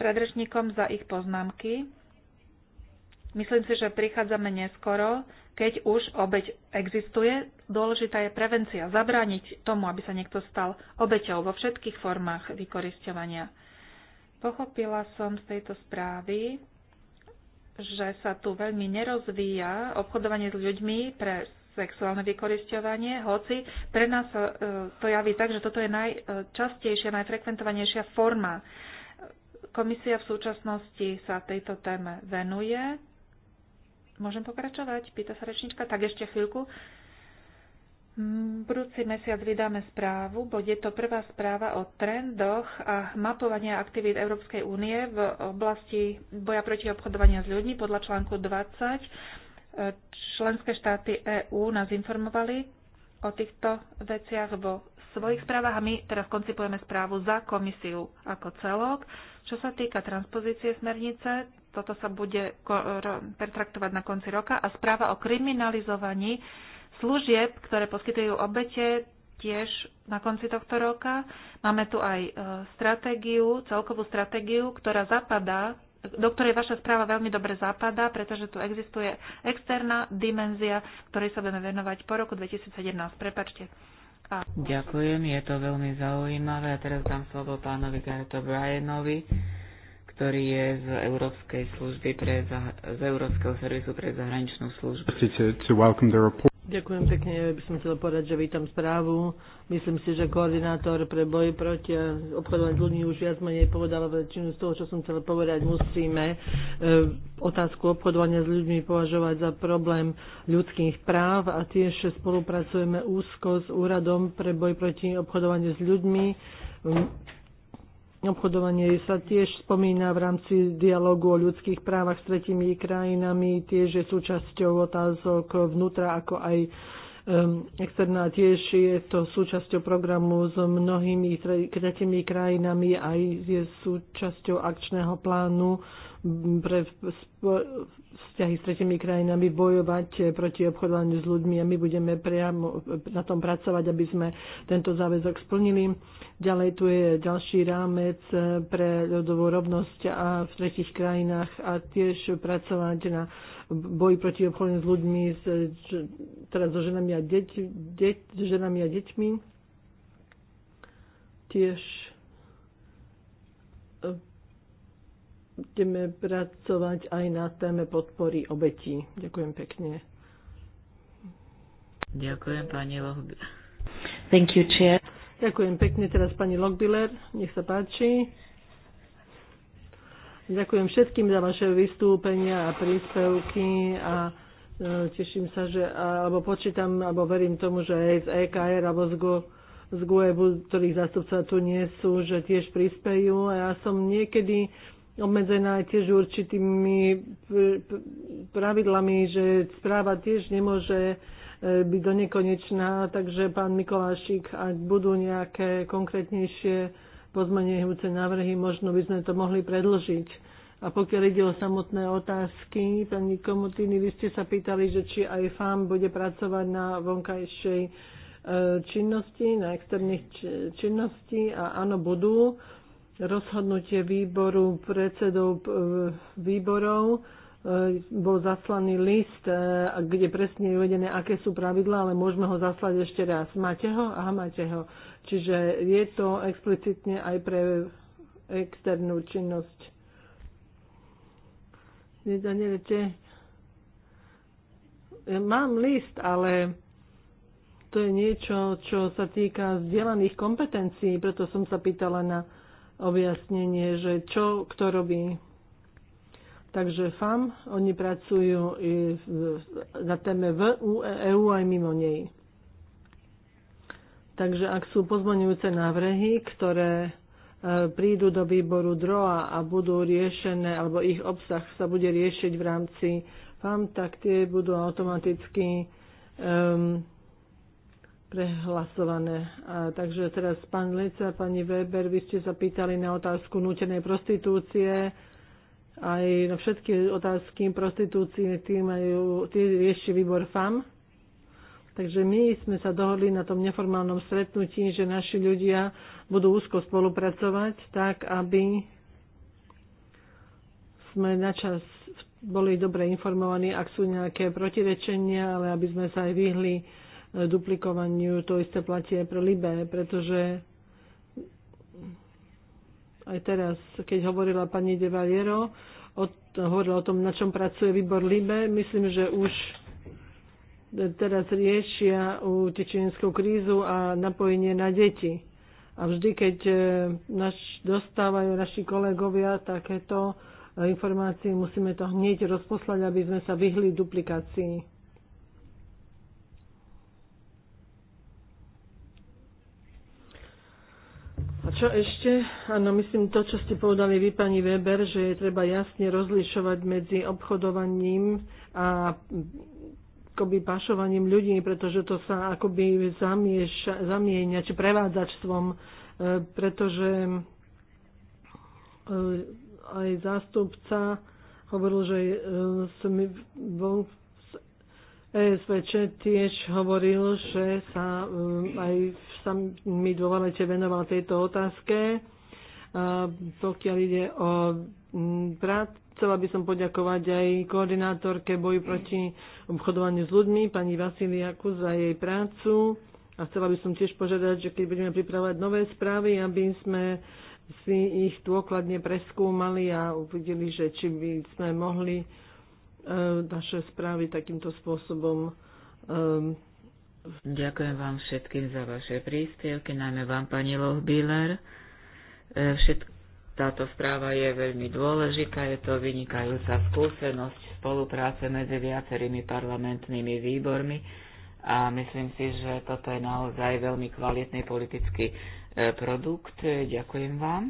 predrečníkom za ich poznámky. Myslím si, že prichádzame neskoro, keď už obeď existuje. Dôležitá je prevencia, zabrániť tomu, aby sa niekto stal obeťou vo všetkých formách vykoristovania. Pochopila som z tejto správy, že sa tu veľmi nerozvíja obchodovanie s ľuďmi pre sexuálne vykoristovanie, hoci pre nás e, to javí tak, že toto je najčastejšia, najfrekventovanejšia forma. Komisia v súčasnosti sa tejto téme venuje Môžem pokračovať? Pýta sa rečnička. Tak ešte chvíľku. Budúci mesiac vydáme správu, je to prvá správa o trendoch a mapovania aktivít Európskej únie v oblasti boja proti obchodovania s ľuďmi podľa článku 20. Členské štáty EÚ nás informovali o týchto veciach vo svojich správach a my teraz koncipujeme správu za komisiu ako celok. Čo sa týka transpozície smernice, toto sa bude pertraktovať na konci roka a správa o kriminalizovaní služieb, ktoré poskytujú obete, tiež na konci tohto roka. Máme tu aj e, stratégiu, celkovú stratégiu, ktorá zapadá do ktorej vaša správa veľmi dobre zapadá, pretože tu existuje externá dimenzia, ktorej sa budeme venovať po roku 2017. Prepačte. A... Ďakujem, je to veľmi zaujímavé. A teraz dám slovo pánovi Garrett O'Brienovi ktorý je z Európskej služby pre, za, z Európskeho servisu pre zahraničnú službu. Ďakujem pekne, ja by som chcela povedať, že vítam správu. Myslím si, že koordinátor pre boj proti obchodovať ľudí už viac menej povedal väčšinu z toho, čo som chcela povedať. Musíme e, otázku obchodovania s ľuďmi považovať za problém ľudských práv a tiež spolupracujeme úzko s Úradom pre boj proti obchodovaniu s ľuďmi Obchodovanie sa tiež spomína v rámci dialogu o ľudských právach s tretimi krajinami, tiež je súčasťou otázok vnútra ako aj ehm, externá tiež je to súčasťou programu s mnohými tretimi krajinami aj je súčasťou akčného plánu pre vzťahy s tretimi krajinami bojovať proti obchodovaniu s ľuďmi a my budeme priamo na tom pracovať, aby sme tento záväzok splnili. Ďalej tu je ďalší rámec pre ľudovú rovnosť a v tretich krajinách a tiež pracovať na boji proti obchodovaniu s ľuďmi, s, teda so ženami a, deť, deť, ženami a deťmi. Tiež budeme pracovať aj na téme podpory obetí. Ďakujem pekne. Ďakujem pani Lochbiller. Thank you, chair. Ďakujem pekne teraz pani Logbiller, Nech sa páči. Ďakujem všetkým za vaše vystúpenia a príspevky a e, teším sa, že alebo počítam, alebo verím tomu, že aj z EKR alebo z GO e, z GUE, ktorých zástupca tu nie sú, že tiež prispejú. A ja som niekedy obmedzená aj tiež určitými pravidlami, že správa tiež nemôže e, byť do nekonečná, takže pán Mikolášik, ak budú nejaké konkrétnejšie pozmenujúce návrhy, možno by sme to mohli predložiť. A pokiaľ ide o samotné otázky, pani Komutiny, vy ste sa pýtali, že či aj FAM bude pracovať na vonkajšej e, činnosti, na externých činnosti a áno, budú rozhodnutie výboru predsedov e, výborov e, bol zaslaný list, e, kde presne je uvedené, aké sú pravidlá, ale môžeme ho zaslať ešte raz. Máte ho? Aha, máte ho. Čiže je to explicitne aj pre externú činnosť. Nedanete? Mám list, ale to je niečo, čo sa týka vzdielaných kompetencií, preto som sa pýtala na objasnenie, že čo kto robí. Takže FAM, oni pracujú i na téme v EU e aj mimo nej. Takže ak sú pozvoňujúce návrhy, ktoré e, prídu do výboru DROA a budú riešené, alebo ich obsah sa bude riešiť v rámci FAM, tak tie budú automaticky um, prehlasované. A, takže teraz pán Leca, pani Weber, vy ste sa pýtali na otázku nútenej prostitúcie. Aj na všetky otázky prostitúcie tým, majú, tie rieši výbor FAM. Takže my sme sa dohodli na tom neformálnom stretnutí, že naši ľudia budú úzko spolupracovať tak, aby sme načas boli dobre informovaní, ak sú nejaké protirečenia, ale aby sme sa aj vyhli duplikovaniu. To isté platí aj pre Libé, pretože aj teraz, keď hovorila pani De Valiero, hovorila o tom, na čom pracuje výbor Libe, myslím, že už teraz riešia utečenskú krízu a napojenie na deti. A vždy, keď e, naš, dostávajú naši kolegovia takéto e, informácie, musíme to hneď rozposlať, aby sme sa vyhli duplikácii. čo ešte? Áno, myslím to, čo ste povedali vy, pani Weber, že je treba jasne rozlišovať medzi obchodovaním a akoby pašovaním ľudí, pretože to sa akoby zamieša, zamieňa, či prevádzačstvom, e, pretože e, aj zástupca hovoril, že e, som bol ESVČ tiež hovoril, že sa aj v mi dôvalete venoval tejto otázke. A pokiaľ ide o mm, prác, chcela by som poďakovať aj koordinátorke boju proti obchodovaniu s ľuďmi, pani Vasiliaku, za jej prácu. A chcela by som tiež požiadať, že keď budeme pripravovať nové správy, aby sme si ich dôkladne preskúmali a uvideli, že či by sme mohli e, naše správy takýmto spôsobom e, Ďakujem vám všetkým za vaše príspevky, najmä vám, pani Loh e, Všetko táto správa je veľmi dôležitá, je to vynikajúca skúsenosť spolupráce medzi viacerými parlamentnými výbormi a myslím si, že toto je naozaj veľmi kvalitný politický e, produkt. Ďakujem vám.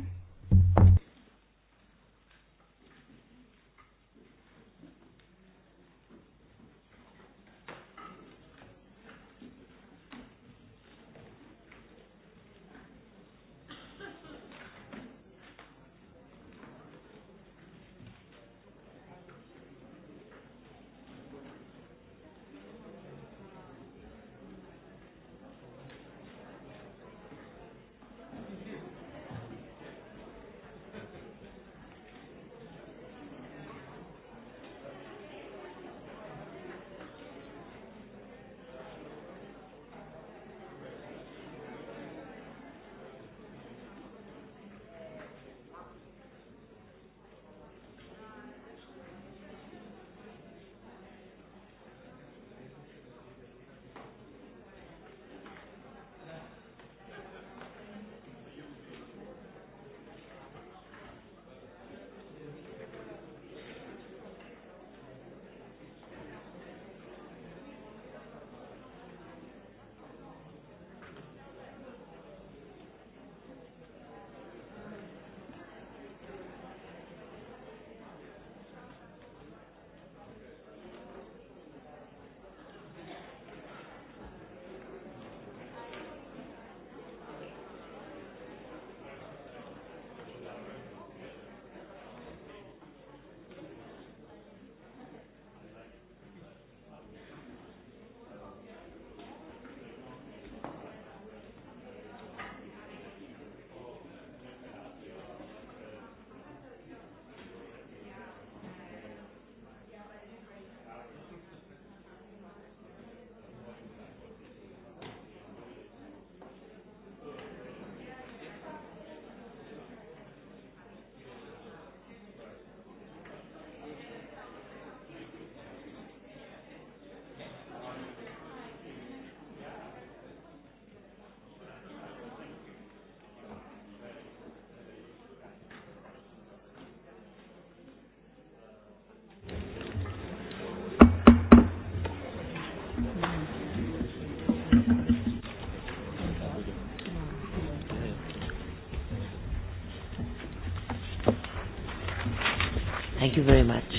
Thank you very much.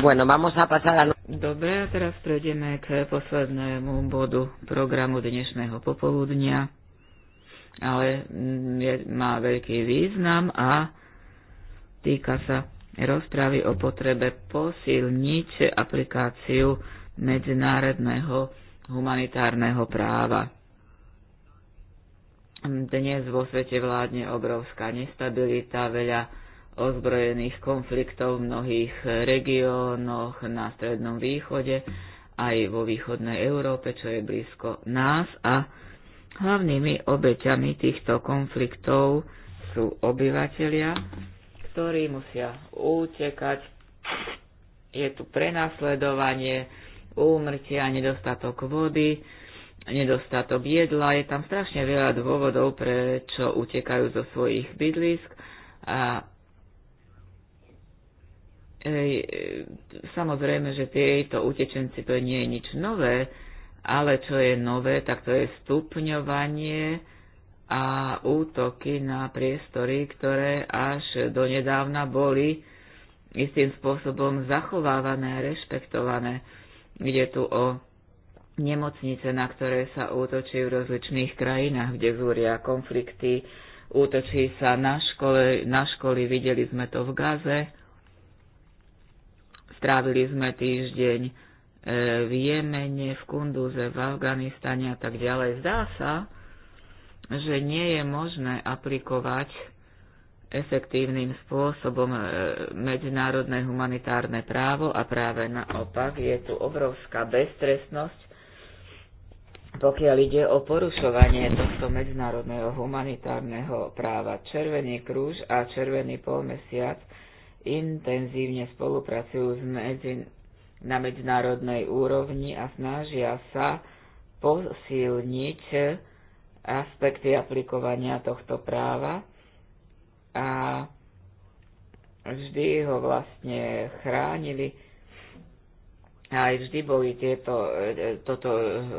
Bueno, vamos a pasar a... Dobre, a teraz prejdeme k poslednému bodu programu dnešného popoludnia, ale mm, je, má veľký význam a týka sa rozpravy o potrebe posilniť aplikáciu medzinárodného humanitárneho práva. Dnes vo svete vládne obrovská nestabilita, veľa ozbrojených konfliktov v mnohých regiónoch na Strednom východe, aj vo východnej Európe, čo je blízko nás a hlavnými obeťami týchto konfliktov sú obyvateľia, ktorí musia utekať. Je tu prenasledovanie, úmrtia, nedostatok vody, nedostatok jedla, je tam strašne veľa dôvodov, prečo utekajú zo svojich bydlisk a e, samozrejme, že tieto utečenci to nie je nič nové, ale čo je nové, tak to je stupňovanie a útoky na priestory, ktoré až donedávna boli istým spôsobom zachovávané a rešpektované. Ide tu o Nemocnice, na ktoré sa útočí v rozličných krajinách, kde zúria konflikty, útočí sa na, škole, na školy, videli sme to v Gaze, strávili sme týždeň e, v Jemene, v Kunduze, v Afganistane a tak ďalej. Zdá sa, že nie je možné aplikovať efektívnym spôsobom e, medzinárodné humanitárne právo a práve naopak je tu obrovská beztrestnosť pokiaľ ide o porušovanie tohto medzinárodného humanitárneho práva. Červený krúž a Červený polmesiac intenzívne spolupracujú s medzi, na medzinárodnej úrovni a snažia sa posilniť aspekty aplikovania tohto práva a vždy ho vlastne chránili aj vždy boli tieto, e, e, toto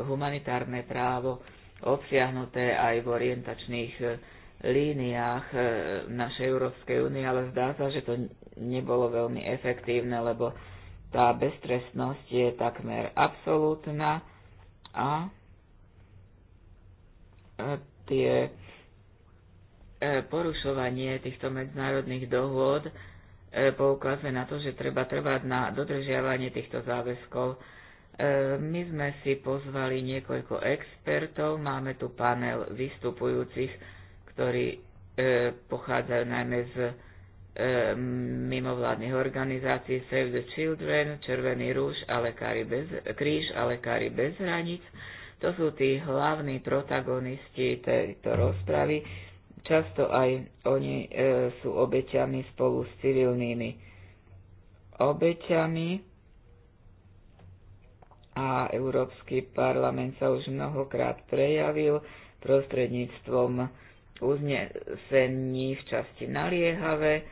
humanitárne právo obsiahnuté aj v orientačných e, líniách našej Európskej únie, ale zdá sa, že to nebolo veľmi efektívne, lebo tá beztrestnosť je takmer absolútna a tie porušovanie týchto medzinárodných dohôd E, poukazuje na to, že treba trvať na dodržiavanie týchto záväzkov. E, my sme si pozvali niekoľko expertov, máme tu panel vystupujúcich, ktorí e, pochádzajú najmä z mimovládnych organizácií Save the Children, Červený rúž a lekári bez, kríž a lekári bez hraníc. To sú tí hlavní protagonisti tejto rozpravy Často aj oni e, sú obeťami spolu s civilnými obeťami a Európsky parlament sa už mnohokrát prejavil prostredníctvom uznesení v časti naliehavé,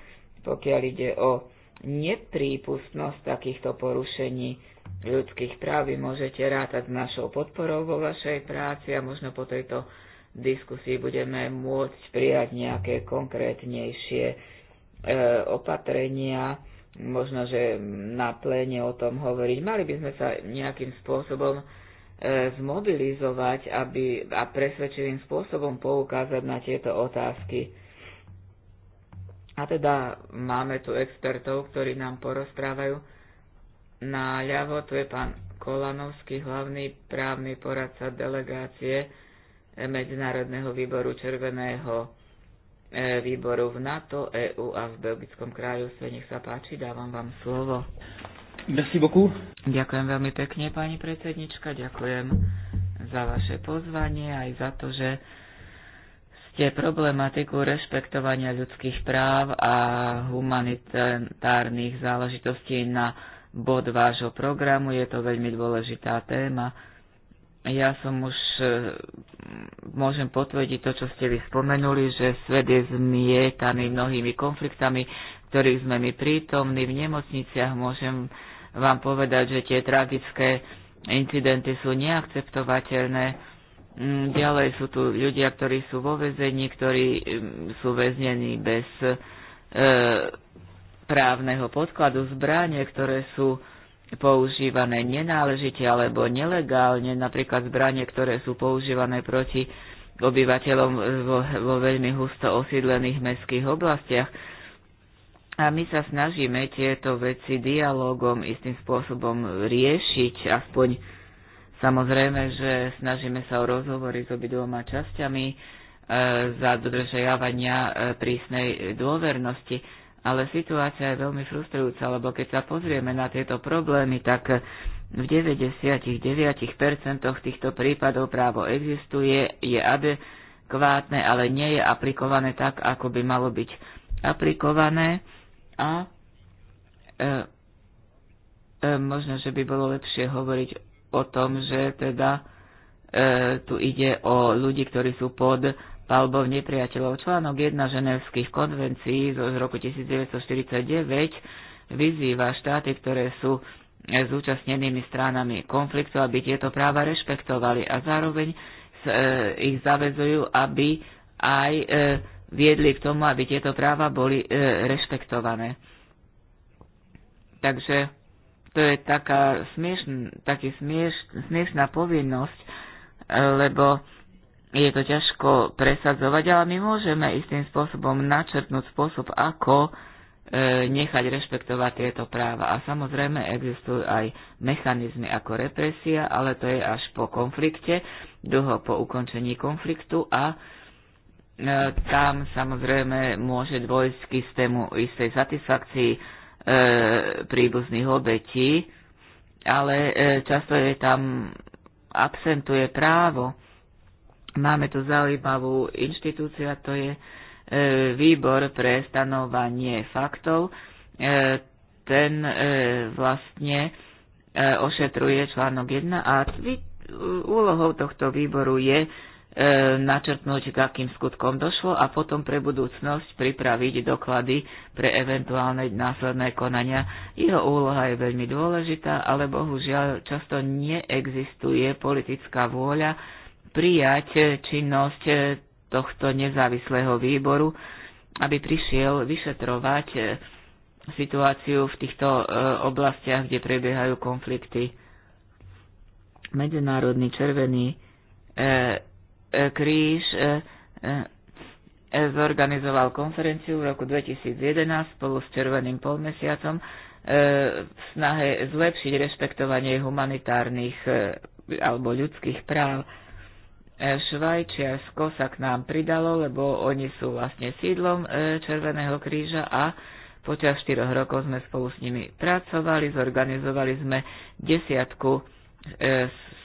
pokiaľ ide o neprípustnosť takýchto porušení ľudských práv. Vy môžete rátať s našou podporou vo vašej práci a možno po tejto diskusii budeme môcť prijať nejaké konkrétnejšie e, opatrenia, možno, že na pléne o tom hovoriť. Mali by sme sa nejakým spôsobom e, zmobilizovať aby, a presvedčivým spôsobom poukázať na tieto otázky. A teda máme tu expertov, ktorí nám porozprávajú. Na ľavo tu je pán Kolanovský, hlavný právny poradca delegácie E, Medzinárodného výboru Červeného e, výboru v NATO, EU a v Belgickom kráľovstve. Nech sa páči, dávam vám slovo. Merci beaucoup. Ďakujem veľmi pekne, pani predsednička. Ďakujem za vaše pozvanie aj za to, že ste problematiku rešpektovania ľudských práv a humanitárnych záležitostí na bod vášho programu. Je to veľmi dôležitá téma ja som už, e, môžem potvrdiť to, čo ste vy spomenuli, že svet je zmietaný mnohými konfliktami, ktorých sme my prítomní v nemocniciach. Môžem vám povedať, že tie tragické incidenty sú neakceptovateľné. Mm, Ďalej sú tu ľudia, ktorí sú vo väzení, ktorí mm, sú väznení bez e, právneho podkladu, zbranie, ktoré sú používané nenáležite alebo nelegálne, napríklad zbranie, ktoré sú používané proti obyvateľom vo, vo veľmi husto osídlených mestských oblastiach. A my sa snažíme tieto veci dialogom istým spôsobom riešiť, aspoň samozrejme, že snažíme sa o rozhovory s obidvoma časťami e, za dodržiavania e, prísnej dôvernosti ale situácia je veľmi frustrujúca, lebo keď sa pozrieme na tieto problémy, tak v 99% týchto prípadov právo existuje, je adekvátne, ale nie je aplikované tak, ako by malo byť aplikované. A e, e, možno, že by bolo lepšie hovoriť o tom, že teda e, tu ide o ľudí, ktorí sú pod palbov nepriateľov. Článok 1 ženevských konvencií z roku 1949 vyzýva štáty, ktoré sú zúčastnenými stranami konfliktu, aby tieto práva rešpektovali a zároveň e, ich zavezujú, aby aj e, viedli k tomu, aby tieto práva boli e, rešpektované. Takže to je taká smiešn, taký smieš, smiešná povinnosť, lebo je to ťažko presadzovať, ale my môžeme istým spôsobom načrtnúť spôsob, ako e, nechať rešpektovať tieto práva. A samozrejme existujú aj mechanizmy ako represia, ale to je až po konflikte, dlho po ukončení konfliktu a e, tam samozrejme môže dôjsť k istému, istej satisfakcii e, príbuzných obetí, ale e, často je tam absentuje právo Máme tu zaujímavú inštitúciu a to je e, výbor pre stanovanie faktov. E, ten e, vlastne e, ošetruje článok 1 a úlohou tohto výboru je e, načrtnúť, k akým skutkom došlo a potom pre budúcnosť pripraviť doklady pre eventuálne následné konania. Jeho úloha je veľmi dôležitá, ale bohužiaľ často neexistuje politická vôľa, prijať e, činnosť e, tohto nezávislého výboru, aby prišiel vyšetrovať e, situáciu v týchto oblastiach, kde prebiehajú konflikty. Medzinárodný červený kríž zorganizoval konferenciu v roku 2011 spolu s Červeným polmesiacom v snahe zlepšiť rešpektovanie humanitárnych alebo ľudských práv. Švajčiarsko sa k nám pridalo, lebo oni sú vlastne sídlom e, Červeného kríža a počas 4 rokov sme spolu s nimi pracovali, zorganizovali sme desiatku e,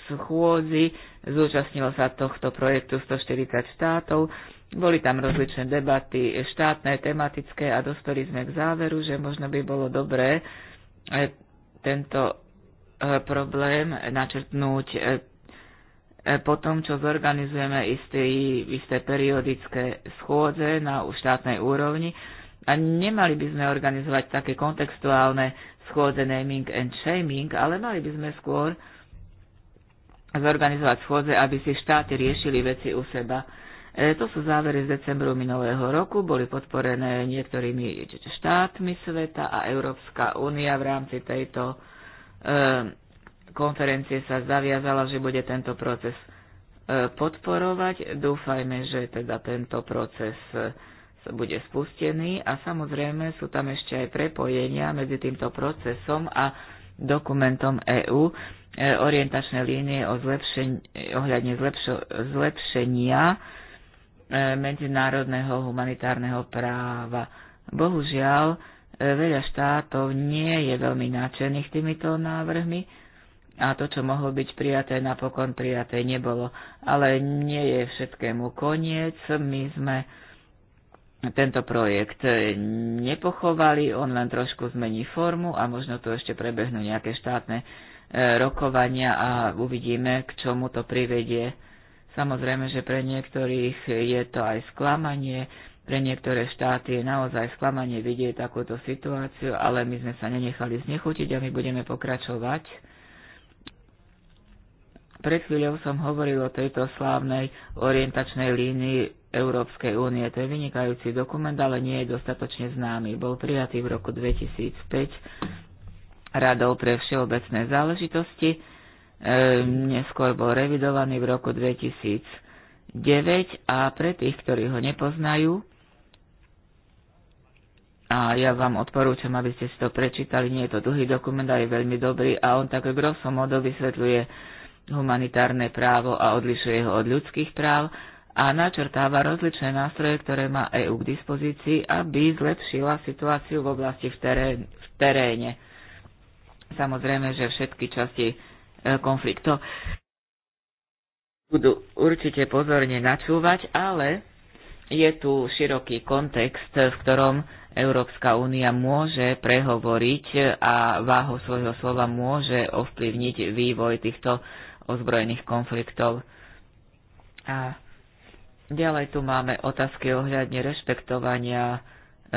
schôdzi, zúčastnilo sa tohto projektu 140 štátov, boli tam rozličné debaty štátne, tematické a dostali sme k záveru, že možno by bolo dobré e, tento problém načrtnúť E, po tom, čo zorganizujeme isté, isté periodické schôdze na štátnej úrovni. A nemali by sme organizovať také kontextuálne schôdze naming and shaming, ale mali by sme skôr zorganizovať schôdze, aby si štáty riešili veci u seba. E, to sú závery z decembru minulého roku, boli podporené niektorými štátmi sveta a Európska únia v rámci tejto e, konferencie sa zaviazala, že bude tento proces e, podporovať. Dúfajme, že teda tento proces e, bude spustený a samozrejme sú tam ešte aj prepojenia medzi týmto procesom a dokumentom EÚ e, orientačné línie o zlepšen- ohľadne zlepšo- zlepšenia medzinárodného humanitárneho práva. Bohužiaľ, veľa štátov nie je veľmi nadšených týmito návrhmi, a to, čo mohlo byť prijaté, napokon prijaté nebolo. Ale nie je všetkému koniec. My sme tento projekt nepochovali, on len trošku zmení formu a možno tu ešte prebehnú nejaké štátne e, rokovania a uvidíme, k čomu to privedie. Samozrejme, že pre niektorých je to aj sklamanie, pre niektoré štáty je naozaj sklamanie vidieť takúto situáciu, ale my sme sa nenechali znechutiť a my budeme pokračovať pred chvíľou som hovoril o tejto slávnej orientačnej línii Európskej únie. To je vynikajúci dokument, ale nie je dostatočne známy. Bol prijatý v roku 2005 Radou pre všeobecné záležitosti, e, neskôr bol revidovaný v roku 2009 a pre tých, ktorí ho nepoznajú, a ja vám odporúčam, aby ste si to prečítali, nie je to dlhý dokument ale je veľmi dobrý a on tak grosso modo vysvetľuje humanitárne právo a odlišuje ho od ľudských práv a načrtáva rozličné nástroje, ktoré má EÚ k dispozícii, aby zlepšila situáciu v oblasti v, terén, v teréne. Samozrejme, že všetky časti e, konfliktu budú určite pozorne načúvať, ale je tu široký kontext, v ktorom Európska únia môže prehovoriť a váhu svojho slova môže ovplyvniť vývoj týchto ozbrojených konfliktov. A ďalej tu máme otázky ohľadne rešpektovania e,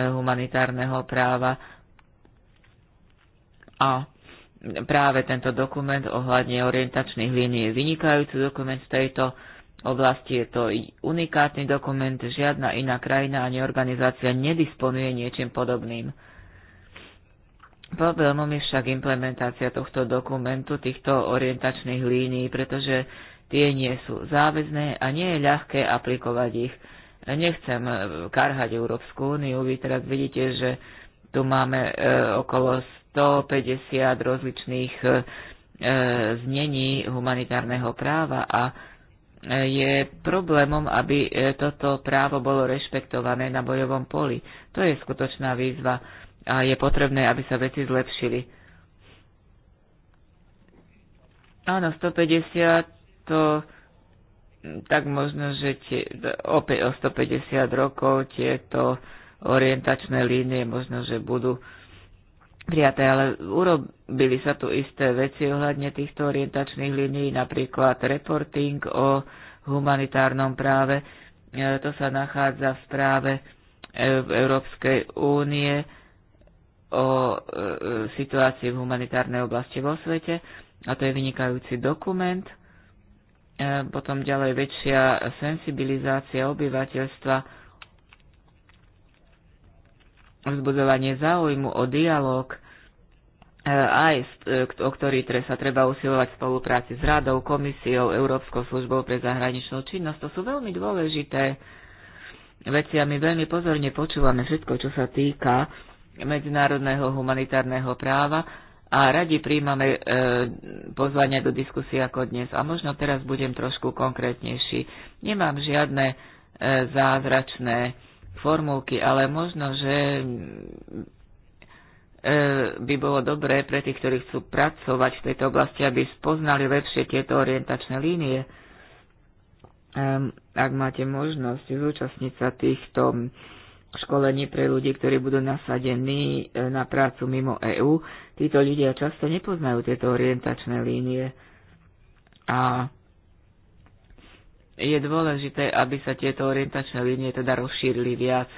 humanitárneho práva a práve tento dokument ohľadne orientačných línií je vynikajúci dokument v tejto oblasti. Je to unikátny dokument, žiadna iná krajina ani organizácia nedisponuje niečím podobným. Problémom je však implementácia tohto dokumentu, týchto orientačných línií, pretože tie nie sú záväzné a nie je ľahké aplikovať ich. Nechcem e, karhať Európsku úniu, vy teraz vidíte, že tu máme e, okolo 150 rozličných e, e, znení humanitárneho práva a e, je problémom, aby toto právo bolo rešpektované na bojovom poli. To je skutočná výzva a je potrebné, aby sa veci zlepšili. Áno, 150 to tak možno, že tie, opäť o 150 rokov tieto orientačné línie možno, že budú prijaté, ale urobili sa tu isté veci ohľadne týchto orientačných línií, napríklad reporting o humanitárnom práve. E, to sa nachádza v správe e, Európskej únie o e, e, situácii v humanitárnej oblasti vo svete a to je vynikajúci dokument. E, potom ďalej väčšia sensibilizácia obyvateľstva, vzbudzovanie záujmu o dialog, e, aj e, o ktorý tre sa treba usilovať v spolupráci s Radou, Komisiou, Európskou službou pre zahraničnú činnosť. To sú veľmi dôležité veci a my veľmi pozorne počúvame všetko, čo sa týka medzinárodného humanitárneho práva a radi príjmame e, pozvania do diskusie ako dnes. A možno teraz budem trošku konkrétnejší. Nemám žiadne e, zázračné formulky, ale možno, že e, by bolo dobré pre tých, ktorí chcú pracovať v tejto oblasti, aby spoznali lepšie tieto orientačné línie. Ehm, ak máte možnosť zúčastniť sa týchto školení pre ľudí, ktorí budú nasadení e, na prácu mimo EÚ. Títo ľudia často nepoznajú tieto orientačné línie a je dôležité, aby sa tieto orientačné línie teda rozšírili viac.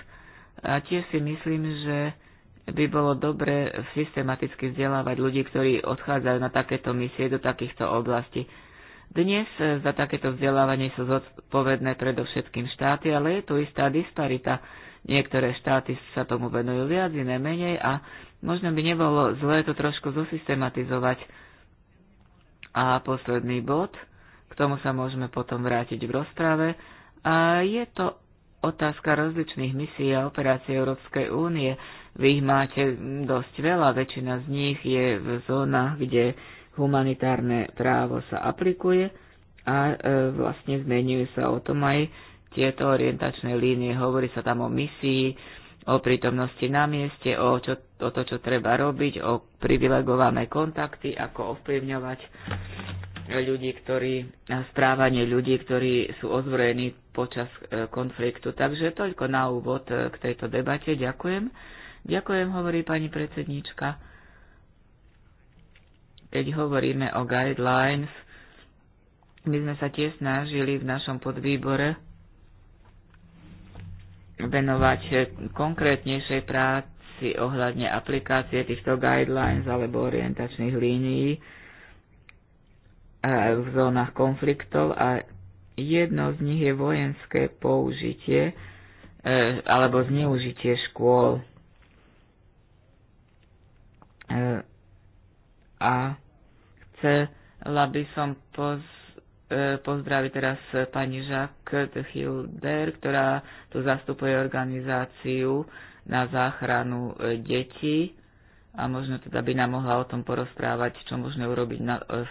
A tiež si myslím, že by bolo dobre systematicky vzdelávať ľudí, ktorí odchádzajú na takéto misie do takýchto oblastí. Dnes e, za takéto vzdelávanie sú zodpovedné predovšetkým štáty, ale je tu istá disparita Niektoré štáty sa tomu venujú viac, iné menej a možno by nebolo zlé to trošku zosystematizovať. A posledný bod, k tomu sa môžeme potom vrátiť v rozprave, a je to otázka rozličných misií a operácií Európskej únie. Vy ich máte dosť veľa, väčšina z nich je v zónach, kde humanitárne právo sa aplikuje a e, vlastne zmenujú sa o tom aj tieto orientačné línie. Hovorí sa tam o misii, o prítomnosti na mieste, o, čo, o to, čo treba robiť, o privilegované kontakty, ako ovplyvňovať ľudí, ktorí, správanie ľudí, ktorí sú ozbrojení počas e, konfliktu. Takže toľko na úvod e, k tejto debate. Ďakujem. Ďakujem, hovorí pani predsednička. Keď hovoríme o guidelines, my sme sa tiež snažili v našom podvýbore venovať eh, konkrétnejšej práci ohľadne aplikácie týchto guidelines alebo orientačných línií eh, v zónach konfliktov a jedno z nich je vojenské použitie eh, alebo zneužitie škôl. A chcela by som poz E, pozdraviť teraz pani Jacques de Hilder, ktorá tu zastupuje organizáciu na záchranu e, detí a možno teda by nám mohla o tom porozprávať, čo môžeme urobiť na, e,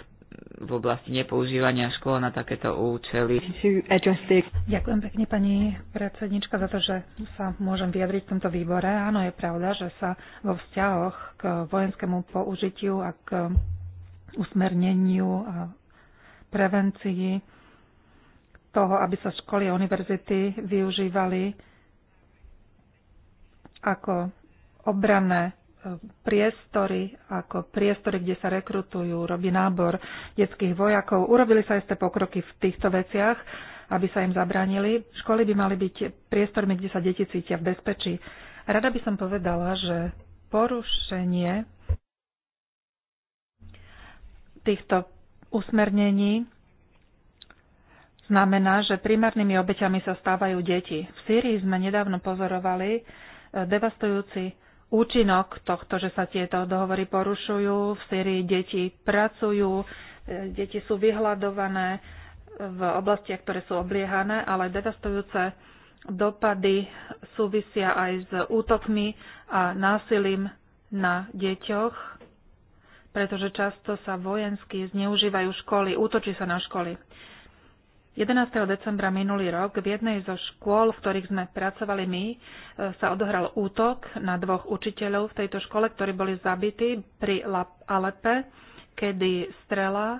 v oblasti nepoužívania škôl na takéto účely. Ďakujem pekne pani predsednička za to, že sa môžem vyjadriť v tomto výbore. Áno, je pravda, že sa vo vzťahoch k vojenskému použitiu a k usmerneniu a prevencii toho, aby sa školy a univerzity využívali ako obranné e, priestory, ako priestory, kde sa rekrutujú, robí nábor detských vojakov. Urobili sa isté pokroky v týchto veciach, aby sa im zabránili. Školy by mali byť priestormi, kde sa deti cítia v bezpečí. Rada by som povedala, že porušenie týchto usmernení znamená, že primárnymi obeťami sa stávajú deti. V Sýrii sme nedávno pozorovali e, devastujúci účinok tohto, že sa tieto dohovory porušujú. V Sýrii deti pracujú, e, deti sú vyhľadované v oblastiach, ktoré sú obliehané, ale devastujúce dopady súvisia aj s útokmi a násilím na deťoch pretože často sa vojensky zneužívajú školy, útočí sa na školy. 11. decembra minulý rok v jednej zo škôl, v ktorých sme pracovali my, e, sa odohral útok na dvoch učiteľov v tejto škole, ktorí boli zabití pri Alepe, kedy strela e,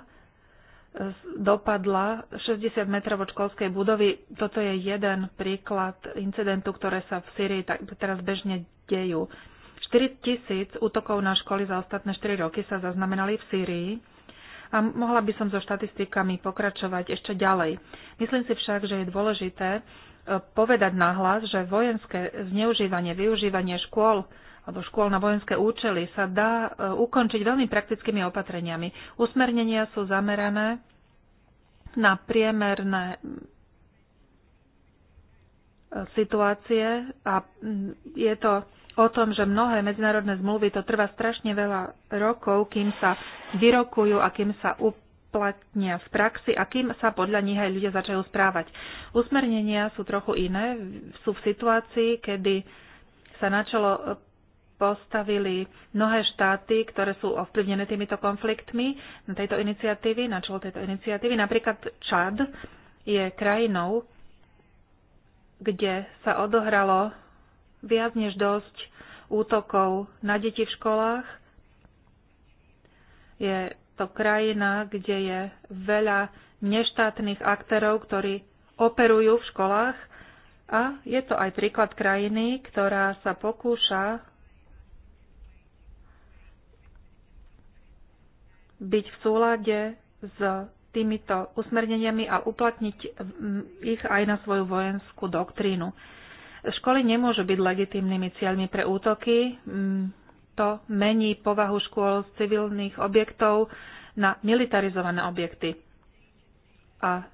dopadla 60 metrov od školskej budovy. Toto je jeden príklad incidentu, ktoré sa v Syrii teraz bežne dejú. 4 tisíc útokov na školy za ostatné 4 roky sa zaznamenali v Sýrii a mohla by som so štatistikami pokračovať ešte ďalej. Myslím si však, že je dôležité e, povedať nahlas, že vojenské zneužívanie, využívanie škôl alebo škôl na vojenské účely sa dá e, ukončiť veľmi praktickými opatreniami. Usmernenia sú zamerané na priemerné e, situácie a je to o tom, že mnohé medzinárodné zmluvy to trvá strašne veľa rokov, kým sa vyrokujú a kým sa uplatnia v praxi a kým sa podľa nich aj ľudia začajú správať. Usmernenia sú trochu iné. Sú v situácii, kedy sa načalo postavili mnohé štáty, ktoré sú ovplyvnené týmito konfliktmi na tejto iniciatívy, na čelo tejto iniciatívy. Napríklad Čad je krajinou, kde sa odohralo viac než dosť útokov na deti v školách. Je to krajina, kde je veľa neštátnych aktérov, ktorí operujú v školách a je to aj príklad krajiny, ktorá sa pokúša byť v súlade s týmito usmerneniami a uplatniť ich aj na svoju vojenskú doktrínu. Školy nemôžu byť legitímnymi cieľmi pre útoky. Mm, to mení povahu škôl z civilných objektov na militarizované objekty. A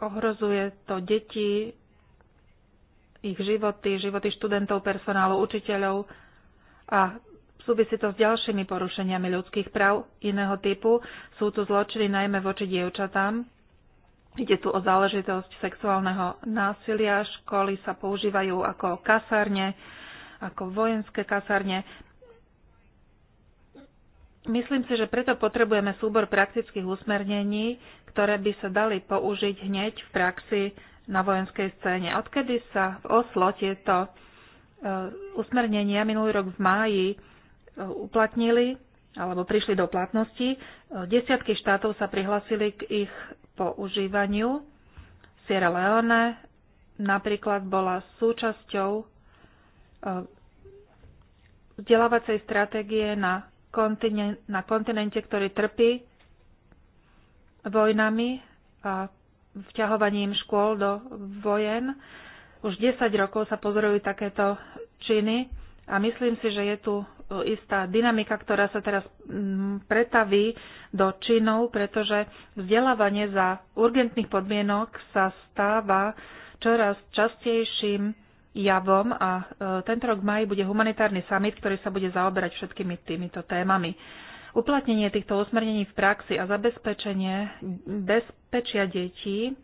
ohrozuje to deti, ich životy, životy študentov, personálu, učiteľov a súvisí to s ďalšími porušeniami ľudských práv iného typu. Sú tu zločiny najmä voči dievčatám, Ide tu o záležitosť sexuálneho násilia. Školy sa používajú ako kasárne, ako vojenské kasárne. Myslím si, že preto potrebujeme súbor praktických usmernení, ktoré by sa dali použiť hneď v praxi na vojenskej scéne. Odkedy sa v Oslo tieto e, usmernenia minulý rok v máji e, uplatnili alebo prišli do platnosti, e, desiatky štátov sa prihlasili k ich používaniu. Sierra Leone napríklad bola súčasťou e, vzdelávacej stratégie na, kontinente, na kontinente, ktorý trpí vojnami a vťahovaním škôl do vojen. Už 10 rokov sa pozorujú takéto činy a myslím si, že je tu istá dynamika, ktorá sa teraz mm, pretaví do činov, pretože vzdelávanie za urgentných podmienok sa stáva čoraz častejším javom a e, tento rok v maji bude humanitárny summit, ktorý sa bude zaoberať všetkými týmito témami. Uplatnenie týchto usmernení v praxi a zabezpečenie bezpečia detí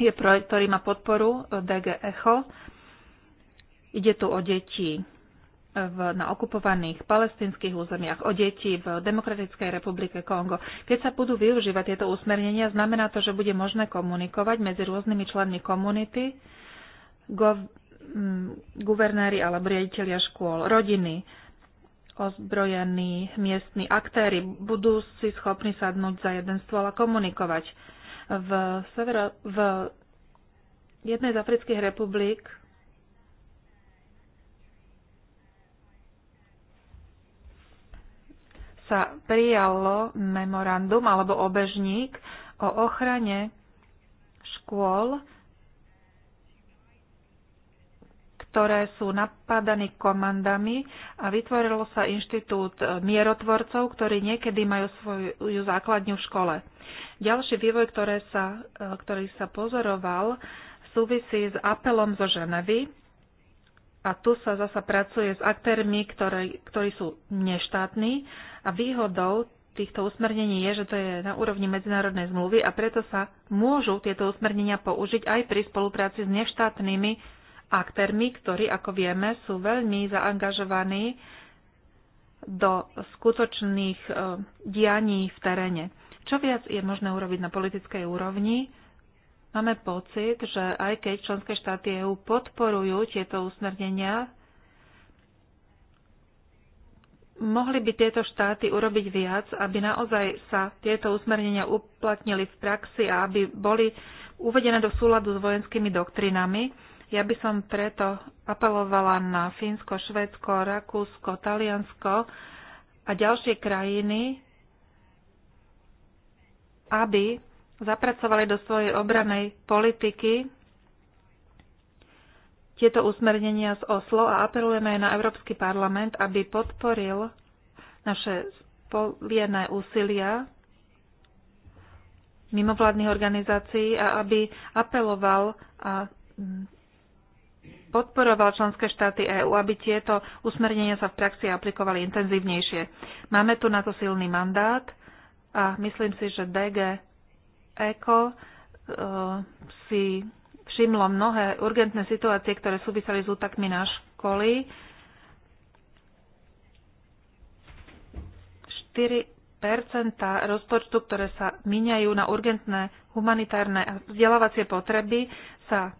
je projekt, ktorý má podporu e, DG ECHO. Ide tu o deti v, na okupovaných palestinských územiach, o deti v Demokratickej republike Kongo. Keď sa budú využívať tieto usmernenia, znamená to, že bude možné komunikovať medzi rôznymi členmi komunity, gov, guvernéri alebo riaditeľia škôl, rodiny, ozbrojení miestni aktéry budú si schopní sadnúť za jeden stôl a komunikovať. V, severo, v jednej z afrických republik sa prijalo memorandum alebo obežník o ochrane škôl, ktoré sú napadaní komandami a vytvorilo sa inštitút mierotvorcov, ktorí niekedy majú svoju základňu v škole. Ďalší vývoj, ktoré sa, ktorý sa pozoroval, súvisí s apelom zo Ženevy, a tu sa zasa pracuje s aktérmi, ktoré, ktorí sú neštátni a výhodou týchto usmernení je, že to je na úrovni medzinárodnej zmluvy a preto sa môžu tieto usmernenia použiť aj pri spolupráci s neštátnymi aktérmi, ktorí, ako vieme, sú veľmi zaangažovaní do skutočných e, dianí v teréne. Čo viac je možné urobiť na politickej úrovni? Máme pocit, že aj keď členské štáty EÚ podporujú tieto usmernenia Mohli by tieto štáty urobiť viac, aby naozaj sa tieto usmernenia uplatnili v praxi a aby boli uvedené do súladu s vojenskými doktrinami. Ja by som preto apelovala na Fínsko, Švédsko, Rakúsko, Taliansko a ďalšie krajiny, aby zapracovali do svojej obranej politiky tieto usmernenia z Oslo a apelujeme aj na Európsky parlament, aby podporil naše spoliené úsilia mimovládnych organizácií a aby apeloval a mm, podporoval členské štáty EÚ, aby tieto usmernenia sa v praxi aplikovali intenzívnejšie. Máme tu na to silný mandát a myslím si, že DG ECO e, si všimlo mnohé urgentné situácie, ktoré súviseli s útakmi na školy. 4 rozpočtu, ktoré sa míňajú na urgentné humanitárne a vzdelávacie potreby, sa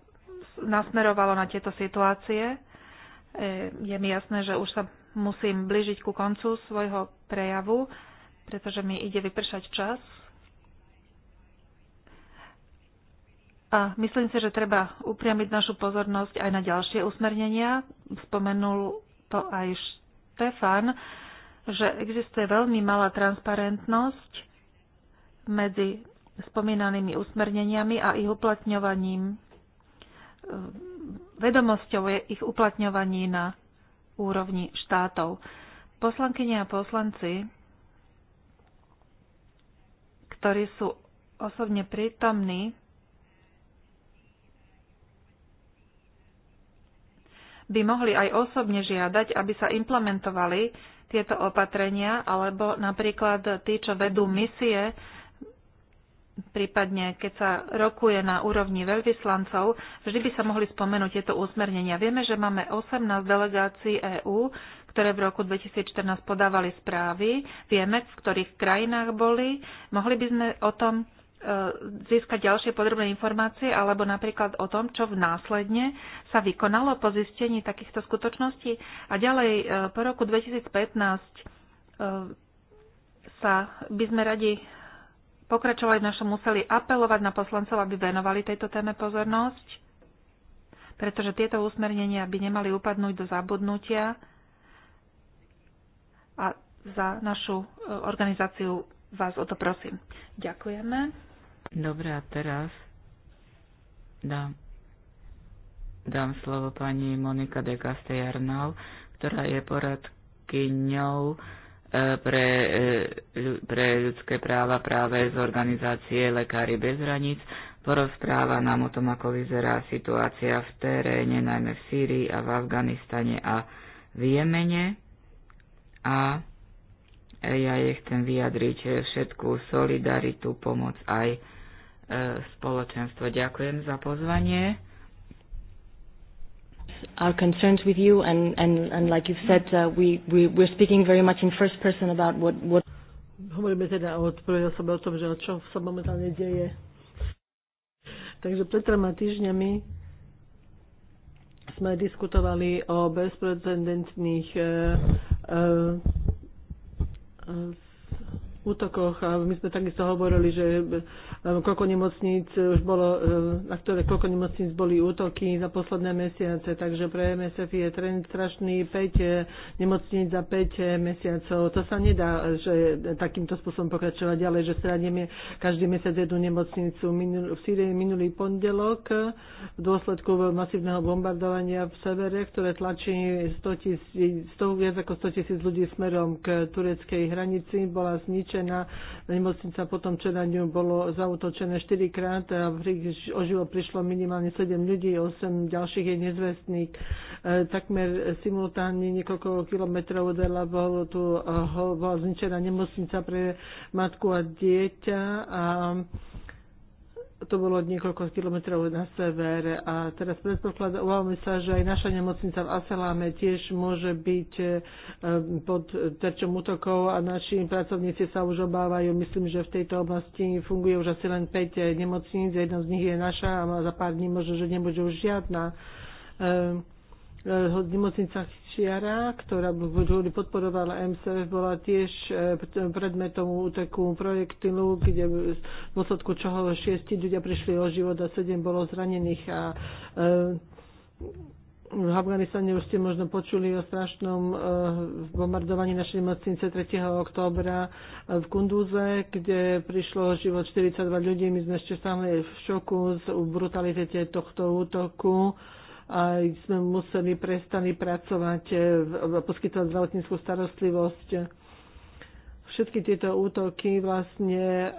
nasmerovalo na tieto situácie. Je mi jasné, že už sa musím blížiť ku koncu svojho prejavu, pretože mi ide vypršať čas. A myslím si, že treba upriamiť našu pozornosť aj na ďalšie usmernenia. Spomenul to aj Štefan, že existuje veľmi malá transparentnosť medzi spomínanými usmerneniami a ich uplatňovaním, vedomosťou je ich uplatňovaní na úrovni štátov. Poslankyne a poslanci, ktorí sú osobne prítomní, by mohli aj osobne žiadať, aby sa implementovali tieto opatrenia, alebo napríklad tí, čo vedú misie, prípadne keď sa rokuje na úrovni veľvyslancov, vždy by sa mohli spomenúť tieto úsmernenia. Vieme, že máme 18 delegácií EÚ, ktoré v roku 2014 podávali správy. Vieme, v ktorých krajinách boli. Mohli by sme o tom získať ďalšie podrobné informácie alebo napríklad o tom, čo v následne sa vykonalo po zistení takýchto skutočností. A ďalej e, po roku 2015 e, sa by sme radi pokračovali v našom museli apelovať na poslancov, aby venovali tejto téme pozornosť, pretože tieto usmernenia by nemali upadnúť do zabudnutia a za našu e, organizáciu vás o to prosím. Ďakujeme. Dobre, a teraz dám, dám slovo pani Monika de Castellarnau, ktorá je poradkyňou e, pre, e, pre ľudské práva práve z organizácie Lekári bez hraníc. Porozpráva nám o tom, ako vyzerá situácia v teréne, najmä v Sýrii a v Afganistane a v Jemene. A ja jej chcem vyjadriť všetkú solidaritu, pomoc aj spoločenstvo. Ďakujem za pozvanie. Our concerns with you and, and, and like you've said, uh, we, we, we're speaking very much in first person about what, what Hovoríme teda o prvej osobe o tom, že o čo sa momentálne deje. Takže pred troma týždňami sme diskutovali o bezprecedentných uh, uh, útokoch a my sme takisto hovorili, že um, koľko nemocníc už bolo, um, na ktoré koľko nemocníc boli útoky za posledné mesiace, takže pre MSF je trend strašný 5 eh, nemocníc za 5 eh, mesiacov. To sa nedá, že takýmto spôsobom pokračovať ďalej, že stranieme každý mesiac jednu nemocnicu. V Sýrii minulý pondelok v dôsledku masívneho bombardovania v severe, ktoré tlačí 100 tisíc, 100, viac ako 100 tisíc ľudí smerom k tureckej hranici, bola zničená zničená nemocnica potom, čo na ňu bolo zautočené 4 krát a o živo prišlo minimálne 7 ľudí, 8 ďalších je nezvestných. E, takmer simultánne niekoľko kilometrov od Ela bolo tu, e, bola zničená nemocnica pre matku a dieťa a to bolo niekoľko kilometrov na sever a teraz predpokladávame sa, že aj naša nemocnica v Aseláme tiež môže byť e, pod terčom útokov a naši pracovníci sa už obávajú. Myslím, že v tejto oblasti funguje už asi len 5 nemocníc, jedna z nich je naša a za pár dní možno, že nebude už žiadna. E, E, nemocnica Čiara, ktorá podporovala MCF, bola tiež e, e, predmetom úteku projektilu, kde v dôsledku čoho šiesti ľudia prišli o život a sedem bolo zranených. A v Afganistane už ste možno počuli o strašnom bombardovaní našej nemocnice 3. októbra v Kunduze, kde prišlo život 42 ľudí. My sme ešte stále v šoku z brutality tohto útoku a sme museli prestali pracovať, e, poskytovať zdravotníckú starostlivosť. Všetky tieto útoky vlastne e,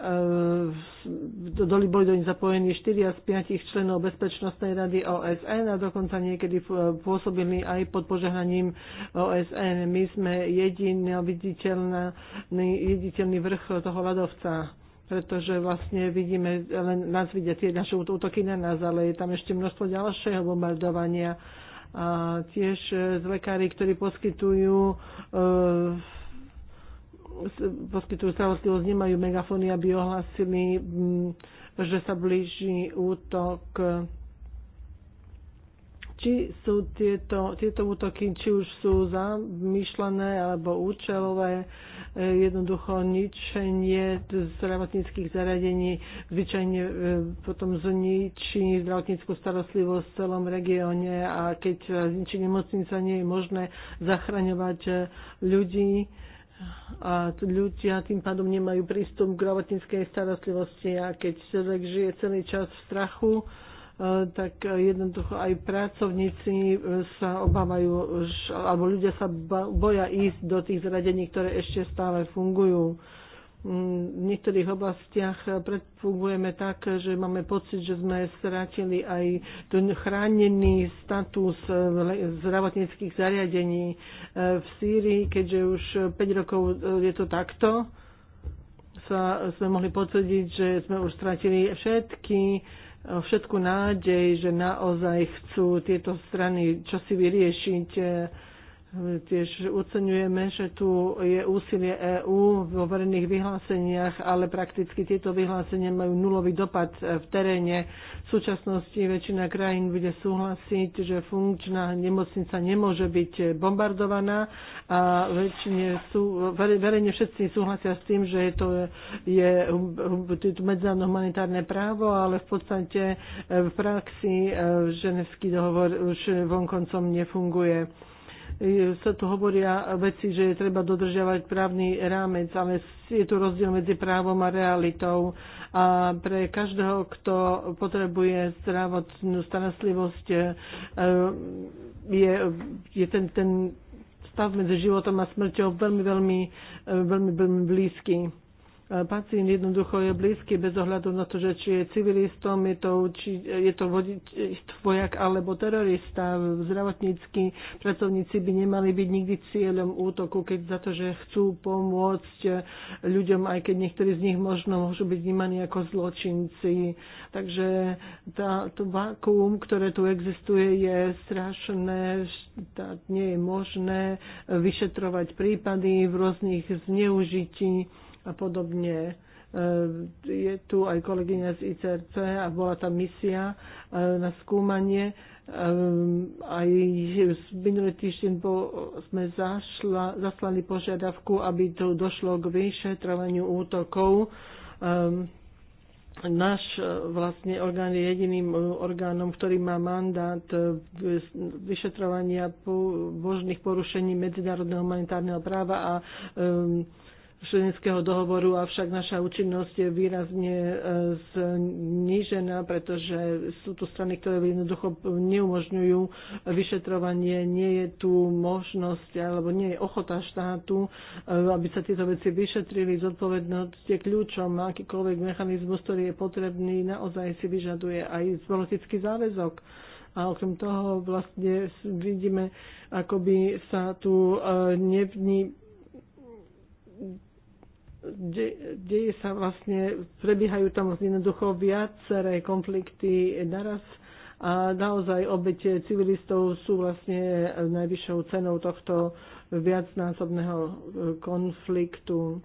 doli boli do nich zapojení 4 z 5 členov Bezpečnostnej rady OSN a dokonca niekedy pôsobili aj pod požehnaním OSN. My sme jediný viditeľný vrch toho ľadovca pretože vlastne vidíme, len nás vidia tie naše útoky na nás, ale je tam ešte množstvo ďalšieho bombardovania. A tiež e, z lekári, ktorí poskytujú e, poskytujú starostlivosť, nemajú megafóny, aby ohlasili, že sa blíži útok či sú tieto, tieto útoky, či už sú zamýšľané alebo účelové, E, jednoducho ničenie zdravotníckých zariadení zvyčajne e, potom zničí zdravotníckú starostlivosť v celom regióne a keď zničí e, nemocnica, nie je možné zachraňovať ľudí a ľudia tým pádom nemajú prístup k zdravotníckej starostlivosti a keď človek žije celý čas v strachu, E, tak e, jednoducho aj pracovníci e, sa obávajú, alebo ľudia sa boja ísť do tých zradení, ktoré ešte stále fungujú. Mm, v niektorých oblastiach predfungujeme tak, že máme pocit, že sme strátili aj ten chránený status zdravotníckých zariadení v Sýrii, keďže už 5 rokov je to takto sa sme mohli potvrdiť, že sme už strátili všetky všetku nádej, že naozaj chcú tieto strany čosi vyriešiť Tiež oceňujeme, že tu je úsilie EÚ vo verejných vyhláseniach, ale prakticky tieto vyhlásenia majú nulový dopad v teréne. V súčasnosti väčšina krajín bude súhlasiť, že funkčná nemocnica nemôže byť bombardovaná a väčšine sú, verejne všetci súhlasia s tým, že to je, je medzinárodné humanitárne právo, ale v podstate v praxi e, ženevský dohovor už vonkoncom nefunguje sa tu hovoria veci, že je treba dodržiavať právny rámec, ale je tu rozdiel medzi právom a realitou. A pre každého, kto potrebuje zdravotnú starostlivosť, e, je, je ten, ten stav medzi životom a smrťou veľmi, veľmi, e, veľmi, veľmi blízky. Pacient jednoducho je blízky bez ohľadu na to, že či je civilistom, je to, či je to vojak alebo terorista. Zdravotnícky pracovníci by nemali byť nikdy cieľom útoku, keď za to, že chcú pomôcť ľuďom, aj keď niektorí z nich možno môžu byť vnímaní ako zločinci. Takže tá, to vakuum, ktoré tu existuje, je strašné, tá, nie je možné vyšetrovať prípady v rôznych zneužití a podobne. E, je tu aj kolegyňa z ICRC a bola tam misia e, na skúmanie. E, aj minulý týždeň sme zašla, zaslali požiadavku, aby to došlo k vyšetrovaniu útokov náš vlastne orgán je jediným orgánom, ktorý má mandát vyšetrovania božných porušení medzinárodného humanitárneho práva a um, ženevského dohovoru, avšak naša účinnosť je výrazne e, znížená, pretože sú tu strany, ktoré jednoducho neumožňujú vyšetrovanie, nie je tu možnosť alebo nie je ochota štátu, e, aby sa tieto veci vyšetrili. Zodpovednosť je kľúčom, akýkoľvek mechanizmus, ktorý je potrebný, naozaj si vyžaduje aj politický záväzok. A okrem toho vlastne vidíme, akoby sa tu e, nevní de, deje sa vlastne, prebiehajú tam jednoducho viaceré konflikty naraz a naozaj obete civilistov sú vlastne najvyššou cenou tohto viacnásobného e, konfliktu.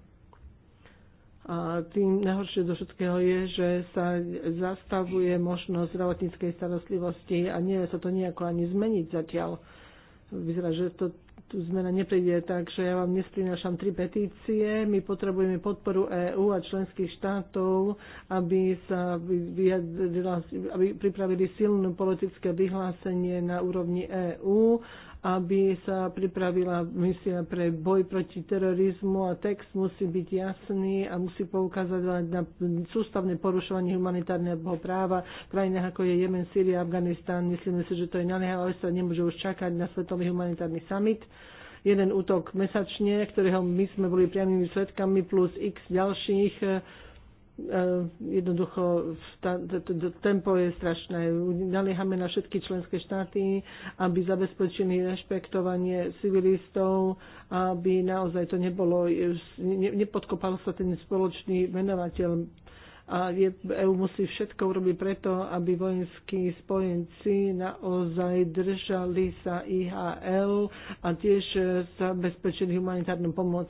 A tým najhoršie do všetkého je, že sa zastavuje možnosť zdravotníckej starostlivosti a nie sa to nejako ani zmeniť zatiaľ. Vyzerá, že to tu zmena nepríde tak, že ja vám nesprinášam tri petície. My potrebujeme podporu EÚ a členských štátov, aby, sa aby pripravili silné politické vyhlásenie na úrovni EÚ aby sa pripravila misia pre boj proti terorizmu a text musí byť jasný a musí poukázať na sústavné porušovanie humanitárneho práva v krajinách ako je Jemen, Sýria, Afganistán. Myslíme si, že to je nalehá, ale sa nemôže už čakať na Svetový humanitárny summit jeden útok mesačne, ktorého my sme boli priamými svetkami, plus x ďalších Eh, jednoducho tempo je strašné. Naliehame na všetky členské štáty, aby zabezpečili rešpektovanie civilistov, aby naozaj to nebolo, nepodkopal sa ten spoločný menovateľ a EU musí všetko urobiť preto, aby vojenskí spojenci naozaj držali sa IHL a tiež zabezpečili humanitárnu pomoc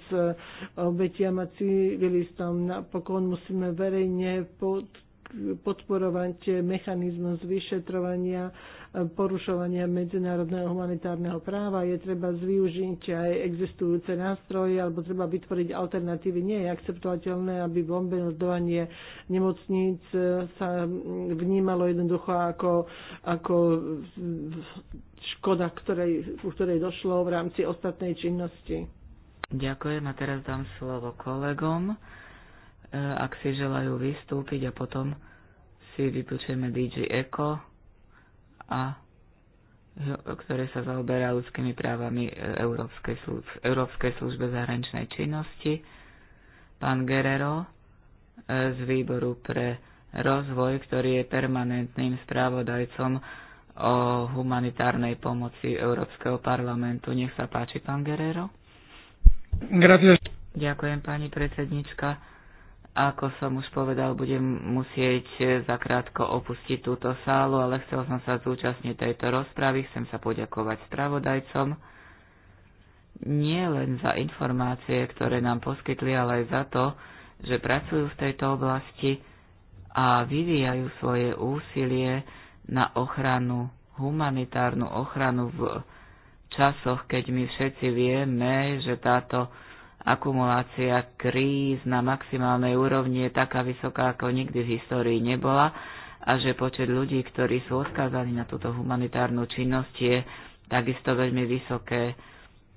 obetiam a civilistom. Napokon musíme verejne pod podporovať mechanizmus vyšetrovania e, porušovania medzinárodného humanitárneho práva. Je treba zvyužiť aj existujúce nástroje alebo treba vytvoriť alternatívy. Nie je akceptovateľné, aby bombardovanie nemocníc e, sa vnímalo jednoducho ako, ako škoda, ktorej, ktorej došlo v rámci ostatnej činnosti. Ďakujem a teraz dám slovo kolegom ak si želajú vystúpiť a potom si vypočujeme DJ Eco, a, ktoré sa zaoberá ľudskými právami e, Európskej, služ, Európskej službe zahraničnej činnosti. Pán Guerrero e, z výboru pre rozvoj, ktorý je permanentným správodajcom o humanitárnej pomoci Európskeho parlamentu. Nech sa páči, pán Guerrero. Gracias. Ďakujem, pani predsednička. Ako som už povedal, budem musieť e, zakrátko opustiť túto sálu, ale chcel som sa zúčastniť tejto rozpravy. Chcem sa poďakovať spravodajcom nie len za informácie, ktoré nám poskytli, ale aj za to, že pracujú v tejto oblasti a vyvíjajú svoje úsilie na ochranu, humanitárnu ochranu v časoch, keď my všetci vieme, že táto Akumulácia kríz na maximálnej úrovni je taká vysoká, ako nikdy v histórii nebola a že počet ľudí, ktorí sú odkázaní na túto humanitárnu činnosť, je takisto veľmi vysoké.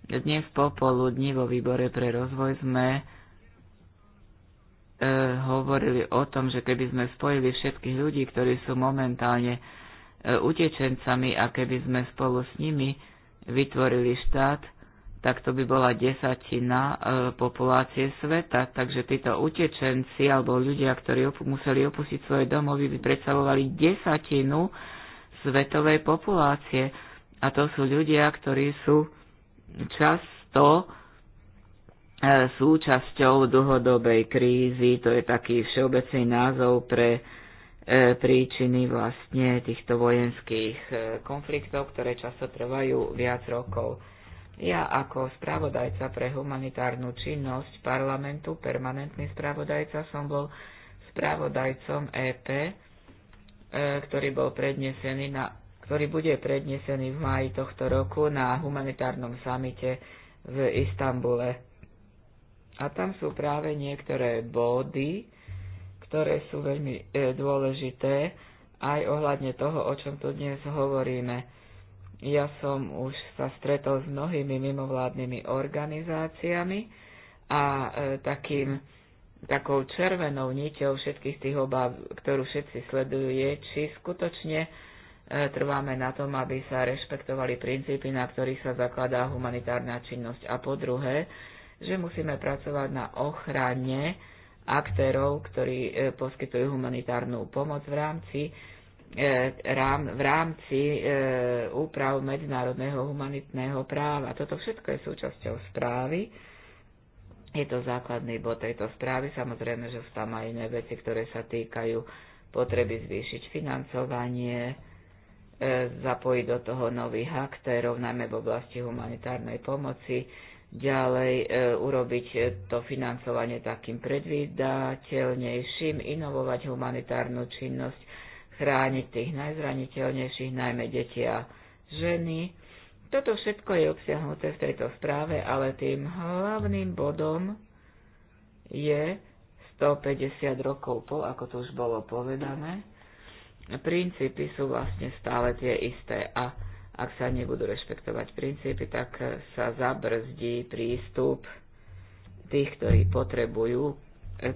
Dnes popoludní vo výbore pre rozvoj sme e, hovorili o tom, že keby sme spojili všetkých ľudí, ktorí sú momentálne e, utečencami a keby sme spolu s nimi vytvorili štát, tak to by bola desatina e, populácie sveta. Takže títo utečenci alebo ľudia, ktorí opu- museli opustiť svoje domovy, by predstavovali desatinu svetovej populácie. A to sú ľudia, ktorí sú často e, súčasťou dlhodobej krízy. To je taký všeobecný názov pre e, príčiny vlastne týchto vojenských e, konfliktov, ktoré často trvajú viac rokov. Ja ako spravodajca pre humanitárnu činnosť parlamentu, permanentný spravodajca, som bol spravodajcom EP, e, ktorý bol prednesený na ktorý bude prednesený v máji tohto roku na humanitárnom samite v Istambule. A tam sú práve niektoré body, ktoré sú veľmi e, dôležité aj ohľadne toho, o čom tu dnes hovoríme. Ja som už sa stretol s mnohými mimovládnymi organizáciami a e, takým, takou červenou niťou všetkých tých obáv, ktorú všetci sledujú, je, či skutočne e, trváme na tom, aby sa rešpektovali princípy, na ktorých sa zakladá humanitárna činnosť. A po druhé, že musíme pracovať na ochrane aktérov, ktorí e, poskytujú humanitárnu pomoc v rámci E, v rámci e, úprav medzinárodného humanitného práva. Toto všetko je súčasťou správy. Je to základný bod tejto správy. Samozrejme, že sú tam aj iné veci, ktoré sa týkajú potreby zvýšiť financovanie, e, zapojiť do toho nových aktérov, najmä v oblasti humanitárnej pomoci, ďalej urobiť to financovanie takým predvídateľnejším, inovovať humanitárnu činnosť chrániť tých najzraniteľnejších, najmä deti a ženy. Toto všetko je obsiahnuté v tejto správe, ale tým hlavným bodom je 150 rokov po, ako to už bolo povedané. Princípy sú vlastne stále tie isté a ak sa nebudú rešpektovať princípy, tak sa zabrzdí prístup tých, ktorí potrebujú,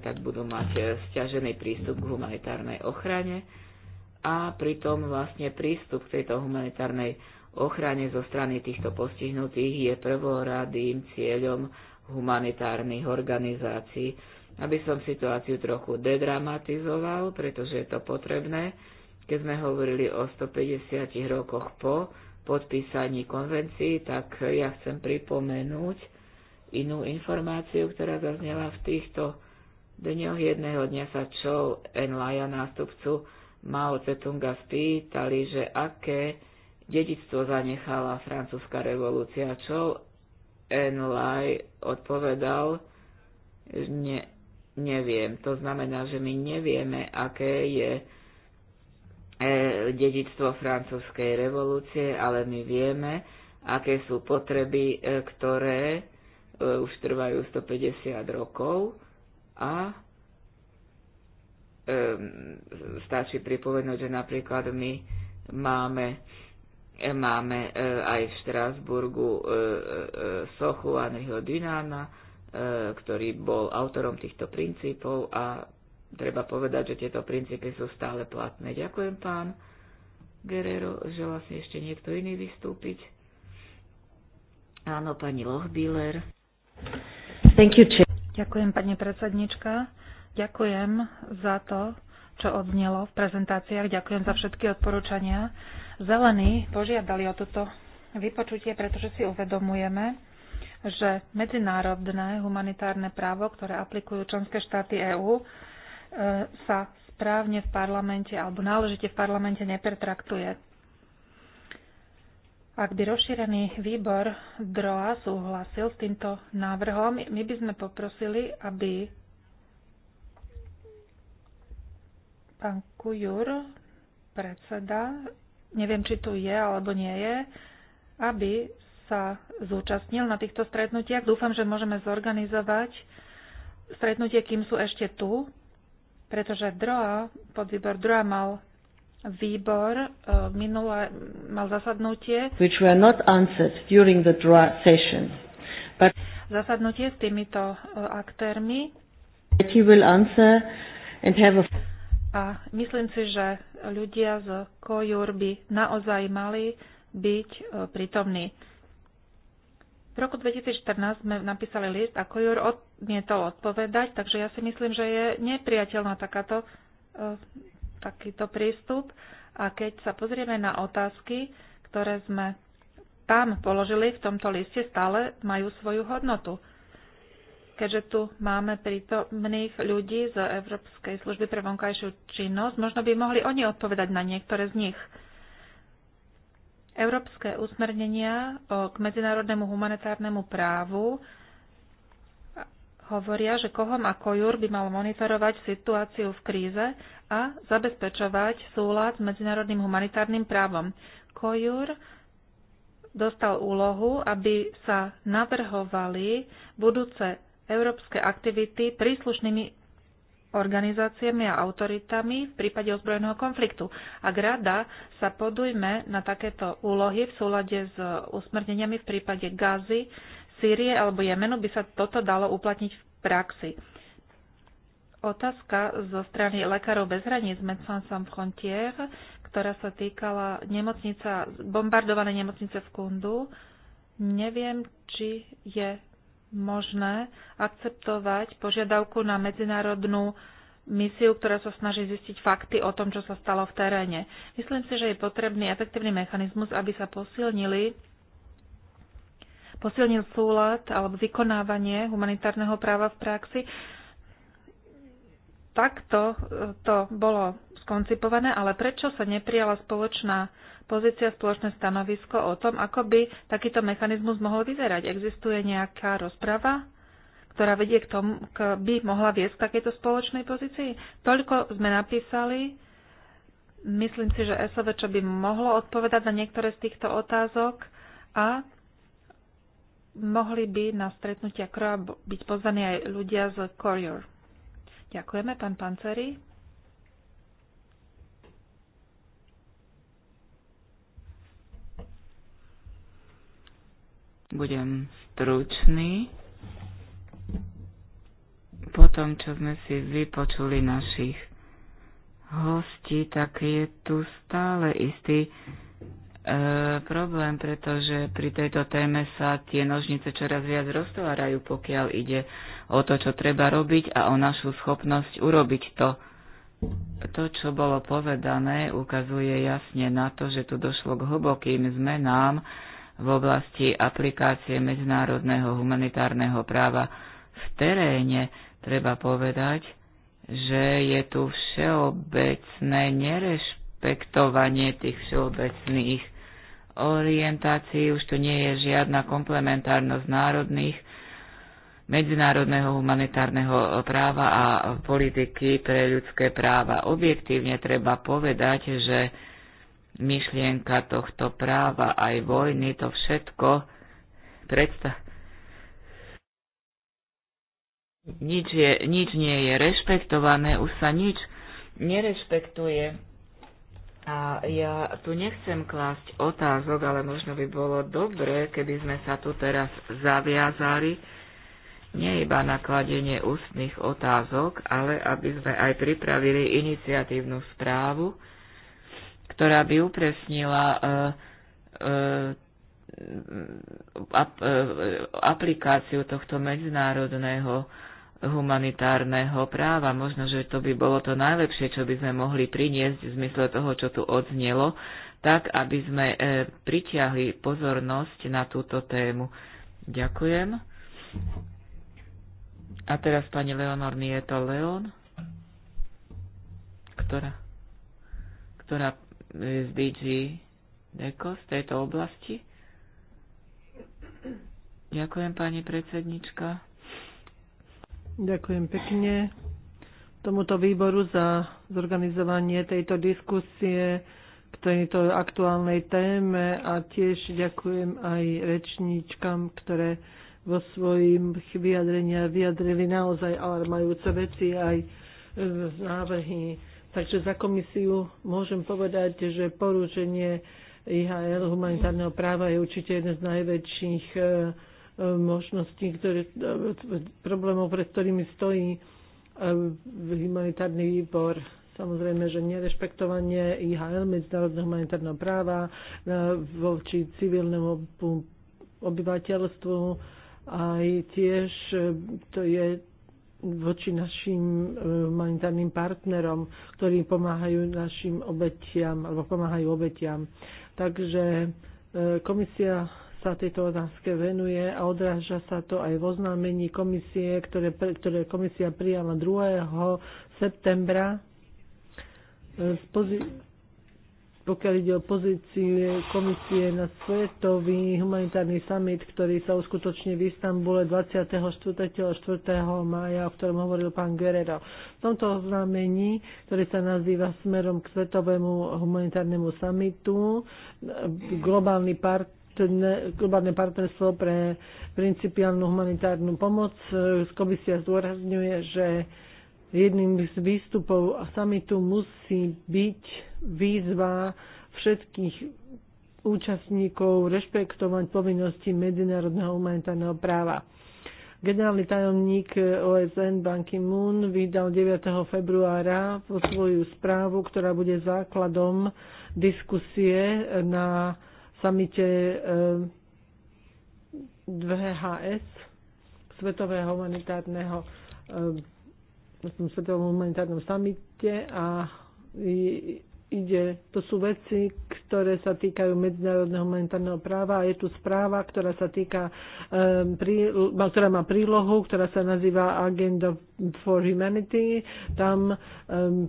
tak budú mať stiažený prístup k humanitárnej ochrane a pritom vlastne prístup k tejto humanitárnej ochrane zo strany týchto postihnutých je prvoradým cieľom humanitárnych organizácií. Aby som situáciu trochu dedramatizoval, pretože je to potrebné, keď sme hovorili o 150 rokoch po podpísaní konvencií, tak ja chcem pripomenúť inú informáciu, ktorá zaznela v týchto dňoch. Jedného dňa sa n Laja nástupcu Mao Tse-tunga spýtali, že aké dedictvo zanechala francúzska revolúcia, čo Lai odpovedal, ne, neviem. To znamená, že my nevieme, aké je e, dedictvo francúzskej revolúcie, ale my vieme, aké sú potreby, e, ktoré e, už trvajú 150 rokov a Ehm, stačí pripomenúť, že napríklad my máme e, máme e, aj v Štrásburgu e, sochu Anriho Dinána, ktorý bol autorom týchto princípov a treba povedať, že tieto princípy sú stále platné. Ďakujem pán Guerrero, želá si ešte niekto iný vystúpiť. Áno, pani Lochbíler. Thank you, Ďakujem, pani predsednička. Ďakujem za to, čo odznelo v prezentáciách. Ďakujem za všetky odporúčania. Zelení požiadali o toto vypočutie, pretože si uvedomujeme, že medzinárodné humanitárne právo, ktoré aplikujú členské štáty EÚ, e, sa správne v parlamente alebo náležite v parlamente nepertraktuje. Ak by rozšírený výbor DROA súhlasil s týmto návrhom, my by sme poprosili, aby Pán Kujur, predseda, neviem, či tu je alebo nie je, aby sa zúčastnil na týchto stretnutiach. Dúfam, že môžeme zorganizovať stretnutie, kým sú ešte tu, pretože DROA, podvýbor DROA mal výbor, e, minulé mal zasadnutie, which were not answered during the DROA session. But zasadnutie s týmito e, aktérmi. he will answer and have a a myslím si, že ľudia z Kojur by naozaj mali byť e, prítomní. V roku 2014 sme napísali list a Kojur odmietol odpovedať, takže ja si myslím, že je nepriateľná takáto, e, takýto prístup. A keď sa pozrieme na otázky, ktoré sme tam položili v tomto liste, stále majú svoju hodnotu keďže tu máme prítomných ľudí z Európskej služby pre vonkajšiu činnosť, možno by mohli oni odpovedať na niektoré z nich. Európske usmernenia k medzinárodnému humanitárnemu právu hovoria, že KOHOM a KOJUR by mal monitorovať situáciu v kríze a zabezpečovať súlad s medzinárodným humanitárnym právom. KOJUR dostal úlohu, aby sa navrhovali budúce európske aktivity príslušnými organizáciami a autoritami v prípade ozbrojeného konfliktu. Ak rada sa podujme na takéto úlohy v súlade s usmrneniami v prípade Gazy, Sýrie alebo Jemenu, by sa toto dalo uplatniť v praxi. Otázka zo strany Lekárov bez hraníc Médecins sans frontières, ktorá sa týkala nemocnica, bombardované nemocnice v Kundu. Neviem, či je možné akceptovať požiadavku na medzinárodnú misiu, ktorá sa snaží zistiť fakty o tom, čo sa stalo v teréne. Myslím si, že je potrebný efektívny mechanizmus, aby sa posilnili posilnil súlad alebo vykonávanie humanitárneho práva v praxi. Takto e, to bolo skoncipované, ale prečo sa neprijala spoločná pozícia, spoločné stanovisko o tom, ako by takýto mechanizmus mohol vyzerať. Existuje nejaká rozprava, ktorá vedie k tomu, k, by mohla viesť k takejto spoločnej pozícii? Toľko sme napísali. Myslím si, že čo by mohlo odpovedať na niektoré z týchto otázok a mohli by na stretnutia KROA byť pozvaní aj ľudia z Courier. Ďakujeme, pán Panceri. Budem stručný. Po tom, čo sme si vypočuli našich hostí, tak je tu stále istý e, problém, pretože pri tejto téme sa tie nožnice čoraz viac roztvárajú, pokiaľ ide o to, čo treba robiť a o našu schopnosť urobiť to. To, čo bolo povedané, ukazuje jasne na to, že tu došlo k hlbokým zmenám, v oblasti aplikácie medzinárodného humanitárneho práva v teréne, treba povedať, že je tu všeobecné nerešpektovanie tých všeobecných orientácií, už tu nie je žiadna komplementárnosť národných, medzinárodného humanitárneho práva a politiky pre ľudské práva. Objektívne treba povedať, že myšlienka tohto práva, aj vojny, to všetko predstav... Nič, je, nič nie je rešpektované, už sa nič nerešpektuje. A ja tu nechcem klásť otázok, ale možno by bolo dobré, keby sme sa tu teraz zaviazali, nie iba na kladenie ústnych otázok, ale aby sme aj pripravili iniciatívnu správu, ktorá by upresnila e, e, e, aplikáciu tohto medzinárodného humanitárneho práva. Možno, že to by bolo to najlepšie, čo by sme mohli priniesť v zmysle toho, čo tu odznelo, tak, aby sme pritiahli pozornosť na túto tému. Ďakujem. A teraz pani Leonor to Leon, ktorá, ktorá z DG Deko z tejto oblasti. Ďakujem, pani predsednička. Ďakujem pekne tomuto výboru za zorganizovanie tejto diskusie k tejto aktuálnej téme a tiež ďakujem aj rečníčkam, ktoré vo svojim vyjadrenia vyjadrili naozaj alarmajúce veci aj návrhy Takže za komisiu môžem povedať, že porušenie IHL humanitárneho práva je určite jedna z najväčších e, e, možností, ktoré, e, problémov, pred ktorými stojí humanitárny výbor. Samozrejme, že nerešpektovanie IHL, medzinárodného humanitárneho práva voči civilnému obyvateľstvu, aj tiež to je voči našim e, humanitárnym partnerom, ktorí pomáhajú našim obetiam alebo pomáhajú obetiam. Takže e, komisia sa tejto otázke venuje a odráža sa to aj v oznámení komisie, ktoré, ktoré komisia prijala 2. septembra. E, pokiaľ ide o pozície komisie na svetový humanitárny summit, ktorý sa uskutoční v Istambule 24. a 4. mája, o ktorom hovoril pán Guerrero. V tomto oznámení, ktoré sa nazýva smerom k svetovému humanitárnemu summitu, globálny part globálne partnerstvo pre principiálnu humanitárnu pomoc. E, komisia zdôrazňuje, že jedným z výstupov a samitu musí byť výzva všetkých účastníkov rešpektovať povinnosti medzinárodného humanitárneho práva. Generálny tajomník OSN Ban Ki-moon vydal 9. februára svoju správu, ktorá bude základom diskusie na samite 2HS eh, Svetového humanitárneho eh, svetovom humanitárnom samite a ide, to sú veci, ktoré sa týkajú medzinárodného humanitárneho práva a je tu správa, ktorá sa týka, um, prí, ktorá má prílohu, ktorá sa nazýva Agenda for Humanity. Tam um,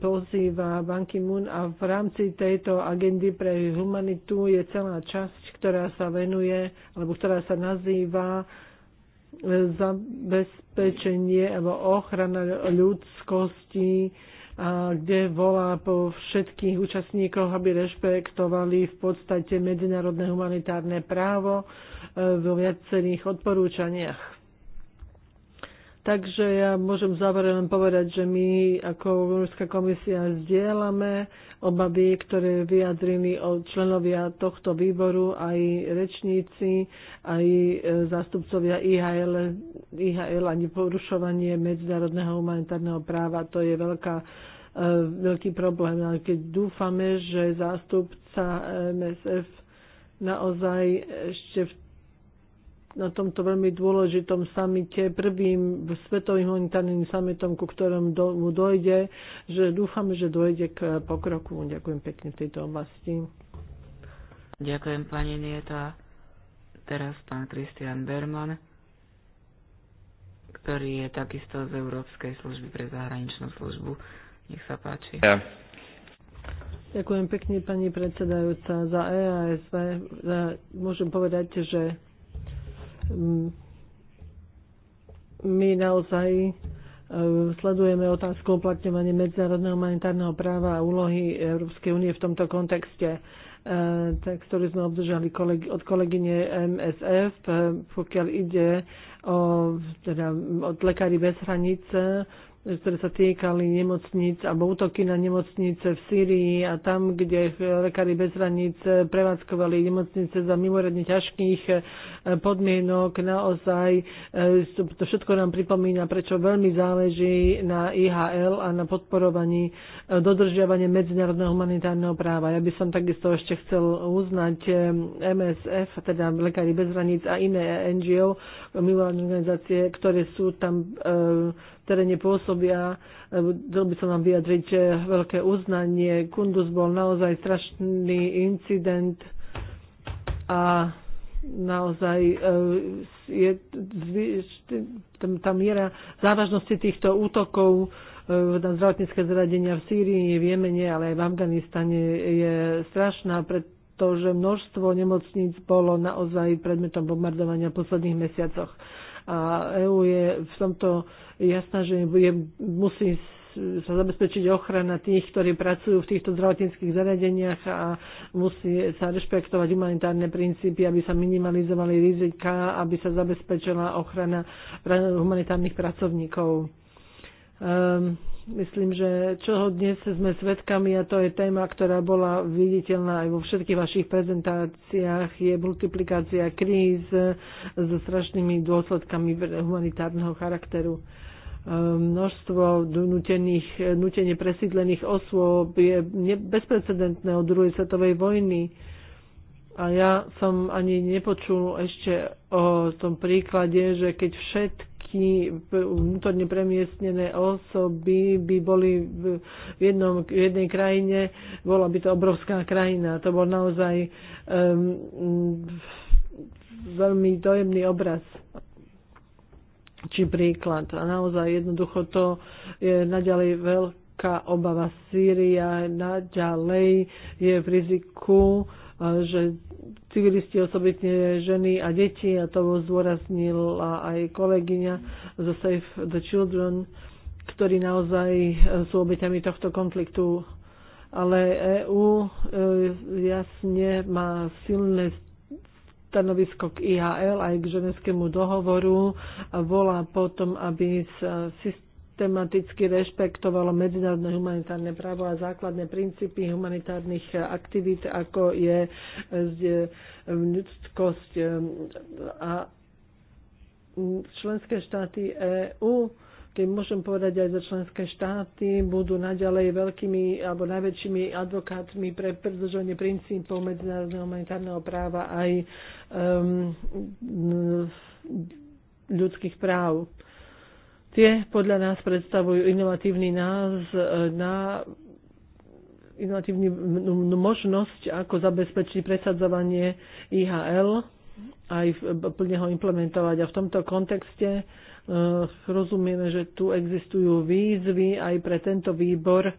pozýva Ban Ki-moon a v rámci tejto agendy pre humanitu je celá časť, ktorá sa venuje, alebo ktorá sa nazýva zabezpečenie alebo ochrana ľudskosti, a kde volá po všetkých účastníkoch, aby rešpektovali v podstate medzinárodné humanitárne právo e, vo viacerých odporúčaniach. Takže ja môžem závere len povedať, že my ako Európska komisia zdieľame obavy, ktoré vyjadrili od členovia tohto výboru, aj rečníci, aj e, zástupcovia IHL, IHL a neporušovanie medzinárodného humanitárneho práva. To je veľká, e, veľký problém. Ale keď dúfame, že zástupca MSF naozaj ešte v na tomto veľmi dôležitom samite, prvým svetovým humanitárnym samitom, ku ktorom do, mu dojde, že dúfame, že dojde k pokroku. Ďakujem pekne v tejto oblasti. Ďakujem pani Nieta. Teraz pán Kristian Berman, ktorý je takisto z Európskej služby pre zahraničnú službu. Nech sa páči. Ja. Ďakujem pekne, pani predsedajúca, za EASV. E, môžem povedať, že Mm, my naozaj e, sledujeme otázku uplatňovania medzinárodného humanitárneho práva a úlohy Európskej únie v tomto kontexte. E, text, ktorý sme obdržali od kolegyne MSF, e, pokiaľ ide o, teda, od Lekári bez hranice, ktoré sa týkali nemocníc alebo útoky na nemocnice v Sýrii a tam, kde lekári bez hraníc prevádzkovali nemocnice za mimoriadne ťažkých eh, podmienok. Naozaj eh, to všetko nám pripomína, prečo veľmi záleží na IHL a na podporovaní eh, dodržiavania medzinárodného humanitárneho práva. Ja by som takisto ešte chcel uznať MSF, teda Lekári bez hraníc a iné NGO, mimovládne organizácie, ktoré sú tam teréne pôsobia. Chcel by som vám vyjadriť veľké uznanie. Kundus bol naozaj strašný incident a naozaj e, je, e, tá miera závažnosti týchto útokov e, na zdravotnícke zradenia v Sýrii, v Jemene, ale aj v Afganistane je strašná, pretože množstvo nemocníc bolo naozaj predmetom bombardovania v posledných mesiacoch a EÚ je v tomto jasná, že je, musí sa zabezpečiť ochrana tých, ktorí pracujú v týchto zdravotníckých zariadeniach a musí sa rešpektovať humanitárne princípy, aby sa minimalizovali rizika, aby sa zabezpečila ochrana humanitárnych pracovníkov. Um, Myslím, že čoho dnes sme svedkami, a to je téma, ktorá bola viditeľná aj vo všetkých vašich prezentáciách, je multiplikácia kríz so strašnými dôsledkami humanitárneho charakteru ehm, množstvo nutených, nutene presídlených osôb je bezprecedentné od druhej svetovej vojny. A ja som ani nepočul ešte o tom príklade, že keď všetky vnútorne premiestnené osoby by boli v, jednom, v jednej krajine, bola by to obrovská krajina. To bol naozaj um, veľmi dojemný obraz či príklad. A naozaj jednoducho to je naďalej veľká obava. Sýria naďalej je v riziku že civilisti, osobitne ženy a deti, a to zdôraznila aj kolegyňa zo Save the Children, ktorí naozaj sú obeťami tohto konfliktu. Ale EÚ e, jasne má silné stanovisko k IHL aj k ženevskému dohovoru a volá potom, aby sa systém systematicky rešpektovalo medzinárodné humanitárne právo a základné princípy humanitárnych aktivít, ako je e, ľudskosť e, a členské štáty EÚ keď môžem povedať aj za členské štáty, budú naďalej veľkými alebo najväčšími advokátmi pre predlženie princípov medzinárodného humanitárneho práva aj um, ľudských práv. Tie podľa nás predstavujú inovatívny nás e, na inovatívnu možnosť, ako zabezpečiť presadzovanie IHL aj e, plne ho implementovať. A v tomto kontexte e, rozumieme, že tu existujú výzvy aj pre tento výbor,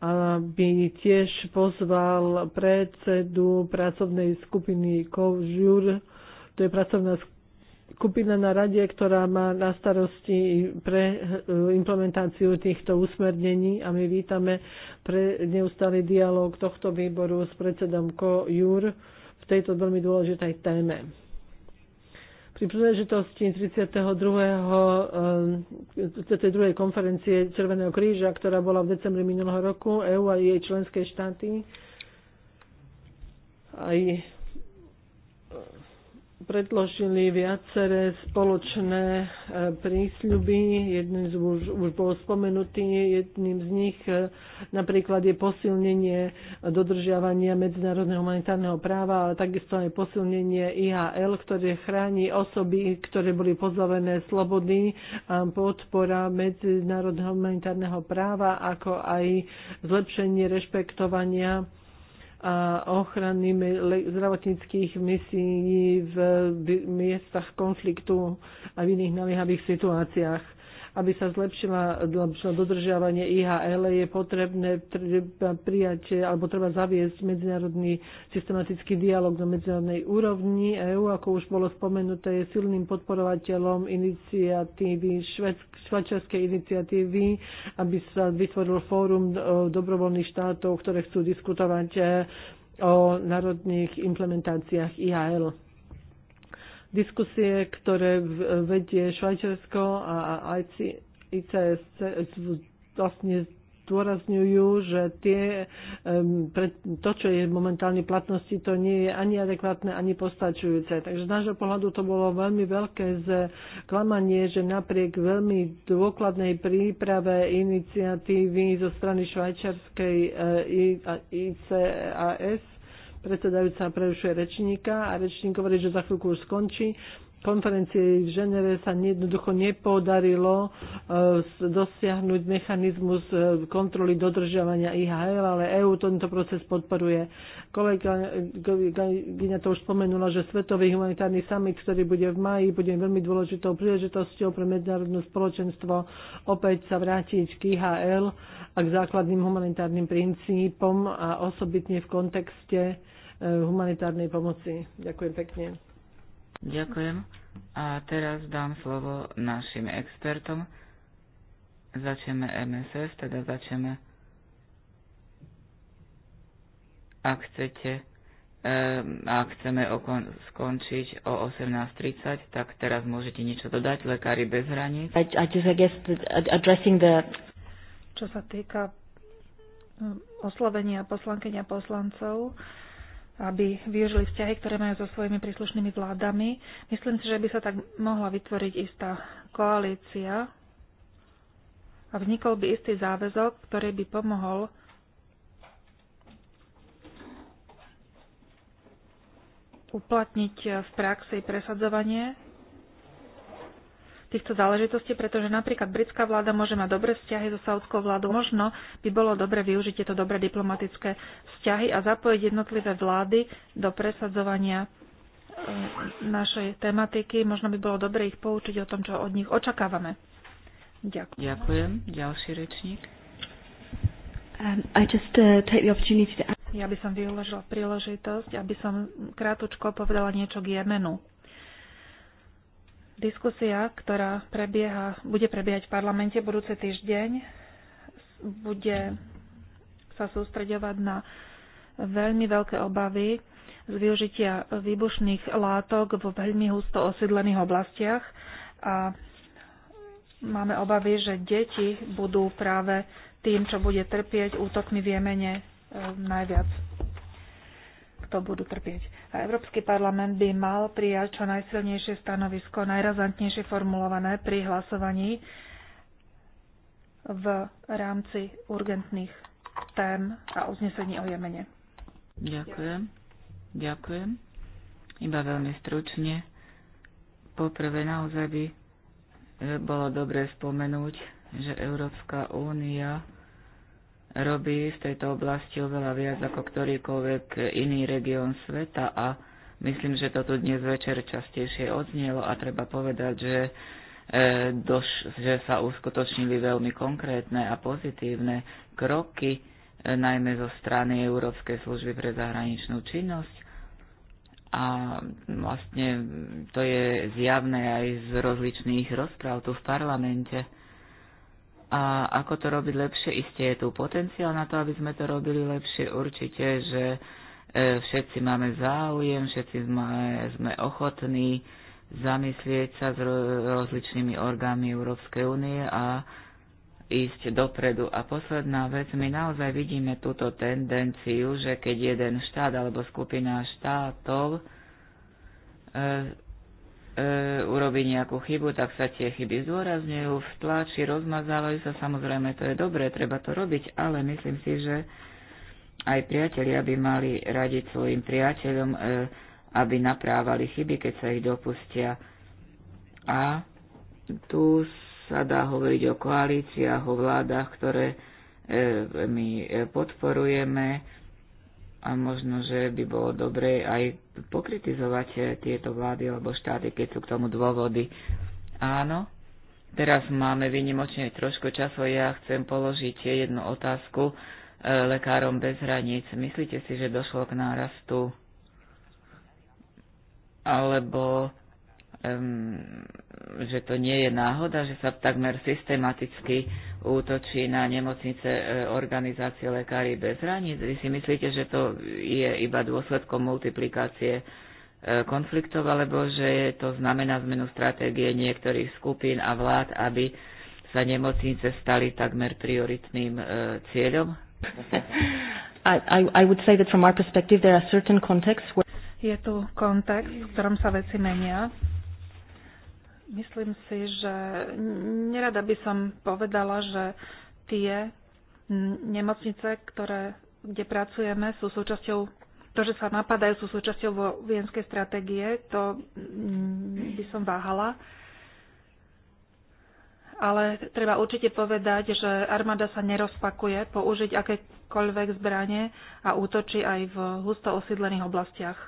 aby tiež pozval predsedu pracovnej skupiny COVJUR, to je pracovná skupina, skupina na rade, ktorá má na starosti pre eh, implementáciu týchto usmernení a my vítame pre neustály dialog tohto výboru s predsedom Ko Jur v tejto veľmi dôležitej téme. Pri príležitosti 32. Eh, druhej konferencie Červeného kríža, ktorá bola v decembri minulého roku, EU a jej členské štáty aj predložili viaceré spoločné e, prísľuby. Jedným z už, už bol spomenutý, jedným z nich e, napríklad je posilnenie dodržiavania medzinárodného humanitárneho práva, ale takisto aj posilnenie IHL, ktoré chráni osoby, ktoré boli pozbavené slobody, podpora medzinárodného humanitárneho práva, ako aj zlepšenie rešpektovania a ochrany zdravotníckých misií v miestach konfliktu a v iných naliehavých situáciách aby sa zlepšila, zlepšila dodržiavanie IHL, je potrebné prijať alebo treba zaviesť medzinárodný systematický dialog na medzinárodnej úrovni. EÚ, ako už bolo spomenuté, je silným podporovateľom iniciatívy, švajčiarskej iniciatívy, aby sa vytvoril fórum dobrovoľných štátov, ktoré chcú diskutovať e, o národných implementáciách IHL diskusie, ktoré vedie Švajčiarsko a ICSC vlastne zdôrazňujú, že tie, pre to, čo je momentálne platnosti, to nie je ani adekvátne, ani postačujúce. Takže z nášho pohľadu to bolo veľmi veľké sklamanie, že napriek veľmi dôkladnej príprave iniciatívy zo strany švajčarskej eh, ICAS Predsedajúca prerušuje rečníka a rečník hovorí, že za chvíľku už skončí. Konferencie v Ženeve sa jednoducho nepodarilo e, dosiahnuť mechanizmus e, kontroly dodržiavania IHL, ale EÚ tento proces podporuje. Kolega Gina to už spomenula, že Svetový humanitárny summit, ktorý bude v maji, bude veľmi dôležitou príležitosťou pre medzinárodné spoločenstvo opäť sa vrátiť k IHL a k základným humanitárnym princípom a osobitne v kontexte Eh, humanitárnej pomoci. Ďakujem pekne. Ďakujem. A teraz dám slovo našim expertom. Začneme MSF, teda začneme ak chcete eh, ak chceme okon- skončiť o 18.30, tak teraz môžete niečo dodať, Lekári bez hraníc. Čo sa týka eh, oslovenia poslankyňa poslancov, aby využili vzťahy, ktoré majú so svojimi príslušnými vládami. Myslím si, že by sa tak mohla vytvoriť istá koalícia a vznikol by istý záväzok, ktorý by pomohol uplatniť v praxi presadzovanie týchto záležitostí, pretože napríklad britská vláda môže mať dobré vzťahy so saudskou vládou. Možno by bolo dobre využiť tieto dobré diplomatické vzťahy a zapojiť jednotlivé vlády do presadzovania e, našej tematiky. Možno by bolo dobre ich poučiť o tom, čo od nich očakávame. Ďakujem. Ďakujem. Ďalší rečník. Um, uh, ja by som využila príležitosť, aby som krátučko povedala niečo k Jemenu. Diskusia, ktorá prebieha, bude prebiehať v parlamente budúci týždeň, bude sa sústreďovať na veľmi veľké obavy z využitia výbušných látok vo veľmi husto osídlených oblastiach a máme obavy, že deti budú práve tým, čo bude trpieť útokmi v Jemene eh, najviac. Kto budú trpieť. A Európsky parlament by mal prijať čo najsilnejšie stanovisko, najrazantnejšie formulované pri hlasovaní v rámci urgentných tém a uznesení o Jemene. Ďakujem. Ďakujem. Iba veľmi stručne. Poprvé naozaj by e, bolo dobre spomenúť, že Európska únia robí v tejto oblasti oveľa viac ako ktorýkoľvek iný región sveta a myslím, že to tu dnes večer častejšie odznielo a treba povedať, že, e, doš, že sa uskutočnili veľmi konkrétne a pozitívne kroky, e, najmä zo strany Európskej služby pre zahraničnú činnosť. A vlastne to je zjavné aj z rozličných rozpráv tu v parlamente a ako to robiť lepšie, isté je tu potenciál na to, aby sme to robili lepšie. Určite, že e, všetci máme záujem, všetci sme, sme ochotní zamyslieť sa s rozličnými orgánmi Európskej únie a ísť dopredu. A posledná vec, my naozaj vidíme túto tendenciu, že keď jeden štát alebo skupina štátov e, E, urobí nejakú chybu, tak sa tie chyby zdôrazňujú v tlači, rozmazávajú sa, samozrejme to je dobré, treba to robiť, ale myslím si, že aj priatelia by mali radiť svojim priateľom, e, aby naprávali chyby, keď sa ich dopustia. A tu sa dá hovoriť o koalíciách, o vládach, ktoré e, my podporujeme, a možno, že by bolo dobre aj pokritizovať eh, tieto vlády alebo štáty, keď sú k tomu dôvody. Áno, teraz máme vynimočne trošku času. Ja chcem položiť jednu otázku eh, lekárom bez hraníc. Myslíte si, že došlo k nárastu alebo um, že to nie je náhoda, že sa takmer systematicky útočí na nemocnice e, organizácie Lekári bez hraníc. Vy si myslíte, že to je iba dôsledkom multiplikácie e, konfliktov, alebo že to znamená zmenu stratégie niektorých skupín a vlád, aby sa nemocnice stali takmer prioritným e, cieľom? Je to kontext, v ktorom sa veci menia Myslím si, že nerada by som povedala, že tie nemocnice, ktoré, kde pracujeme, sú súčasťou, to, že sa napadajú, sú súčasťou vo vienskej stratégie, to mm, by som váhala. Ale treba určite povedať, že armáda sa nerozpakuje použiť akékoľvek zbranie a útočí aj v husto osídlených oblastiach.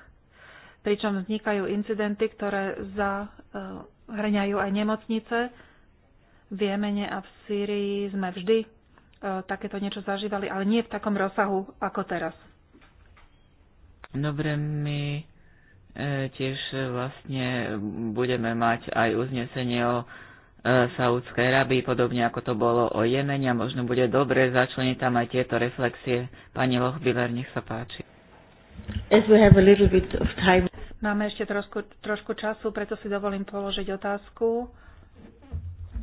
Pričom vznikajú incidenty, ktoré za eh, hrňajú aj nemocnice. V Jemene a v Sýrii sme vždy e, takéto niečo zažívali, ale nie v takom rozsahu ako teraz. Dobre, my e, tiež vlastne budeme mať aj uznesenie o e, Saúdskej Arabii, podobne ako to bolo o Jemene a možno bude dobre začleniť tam aj tieto reflexie. Pani Lochbiller, nech sa páči. As we have a little bit of time. Máme ešte trošku, trošku času, preto si dovolím položiť otázku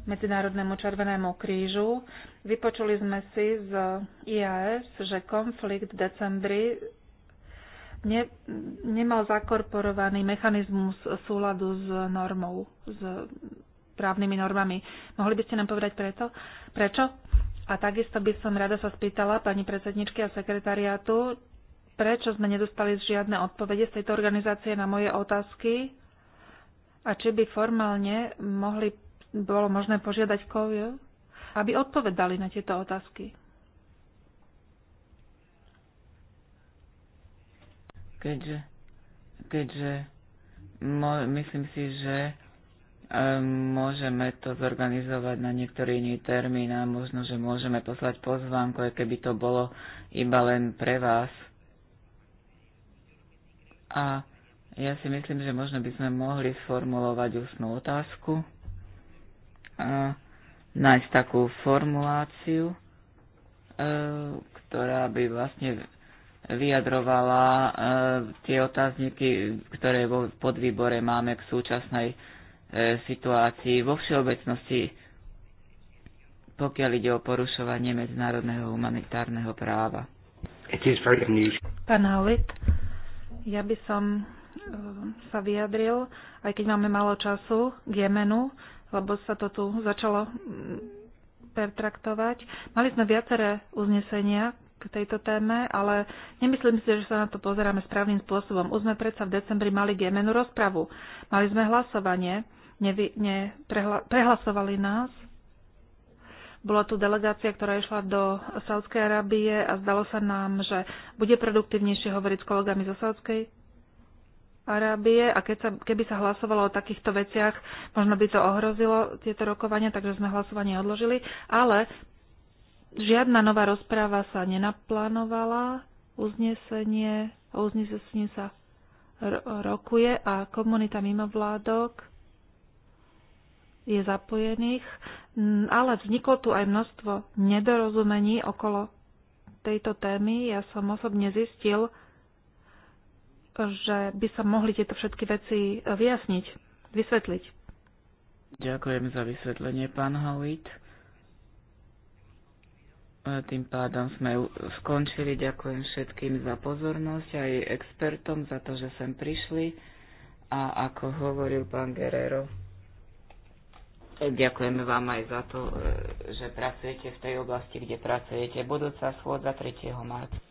Medzinárodnému Červenému krížu. Vypočuli sme si z IAS, že konflikt v decembri ne, nemal zakorporovaný mechanizmus súladu s normou, s právnymi normami. Mohli by ste nám povedať preto? Prečo? A takisto by som rada sa spýtala pani predsedničky a sekretariátu, prečo sme nedostali žiadne odpovede z tejto organizácie na moje otázky a či by formálne mohli, bolo možné požiadať Kovio, aby odpovedali na tieto otázky. Keďže, keďže myslím si, že ehm, môžeme to zorganizovať na niektorý iný termín a možno, že môžeme poslať pozvánku, keby to bolo iba len pre vás. A ja si myslím, že možno by sme mohli sformulovať ústnú otázku a nájsť takú formuláciu, e, ktorá by vlastne vyjadrovala e, tie otázniky, ktoré vo podvýbore máme k súčasnej e, situácii vo všeobecnosti, pokiaľ ide o porušovanie medzinárodného humanitárneho práva. Pán Howitt, ja by som e, sa vyjadril, aj keď máme málo času, k Jemenu, lebo sa to tu začalo mm, pertraktovať. Mali sme viaceré uznesenia k tejto téme, ale nemyslím si, že sa na to pozeráme správnym spôsobom. Už sme predsa v decembri mali k Jemenu rozpravu. Mali sme hlasovanie, nevy, ne, prehla, prehlasovali nás bola tu delegácia, ktorá išla do Sáudskej Arábie a zdalo sa nám, že bude produktívnejšie hovoriť s kolegami zo Sáudskej Arábie a keď sa, keby sa hlasovalo o takýchto veciach, možno by to ohrozilo tieto rokovania, takže sme hlasovanie odložili, ale žiadna nová rozpráva sa nenaplánovala, uznesenie, o sa rokuje a komunita mimovládok je zapojených Mm, ale vzniklo tu aj množstvo nedorozumení okolo tejto témy. Ja som osobne zistil, že by sa mohli tieto všetky veci vyjasniť, vysvetliť. Ďakujem za vysvetlenie, pán Howitt. Tým pádom sme skončili. Ďakujem všetkým za pozornosť, aj expertom za to, že sem prišli. A ako hovoril pán Guerrero, Ďakujeme vám aj za to, e, že pracujete v tej oblasti, kde pracujete. Budúca schôdza 3. marca.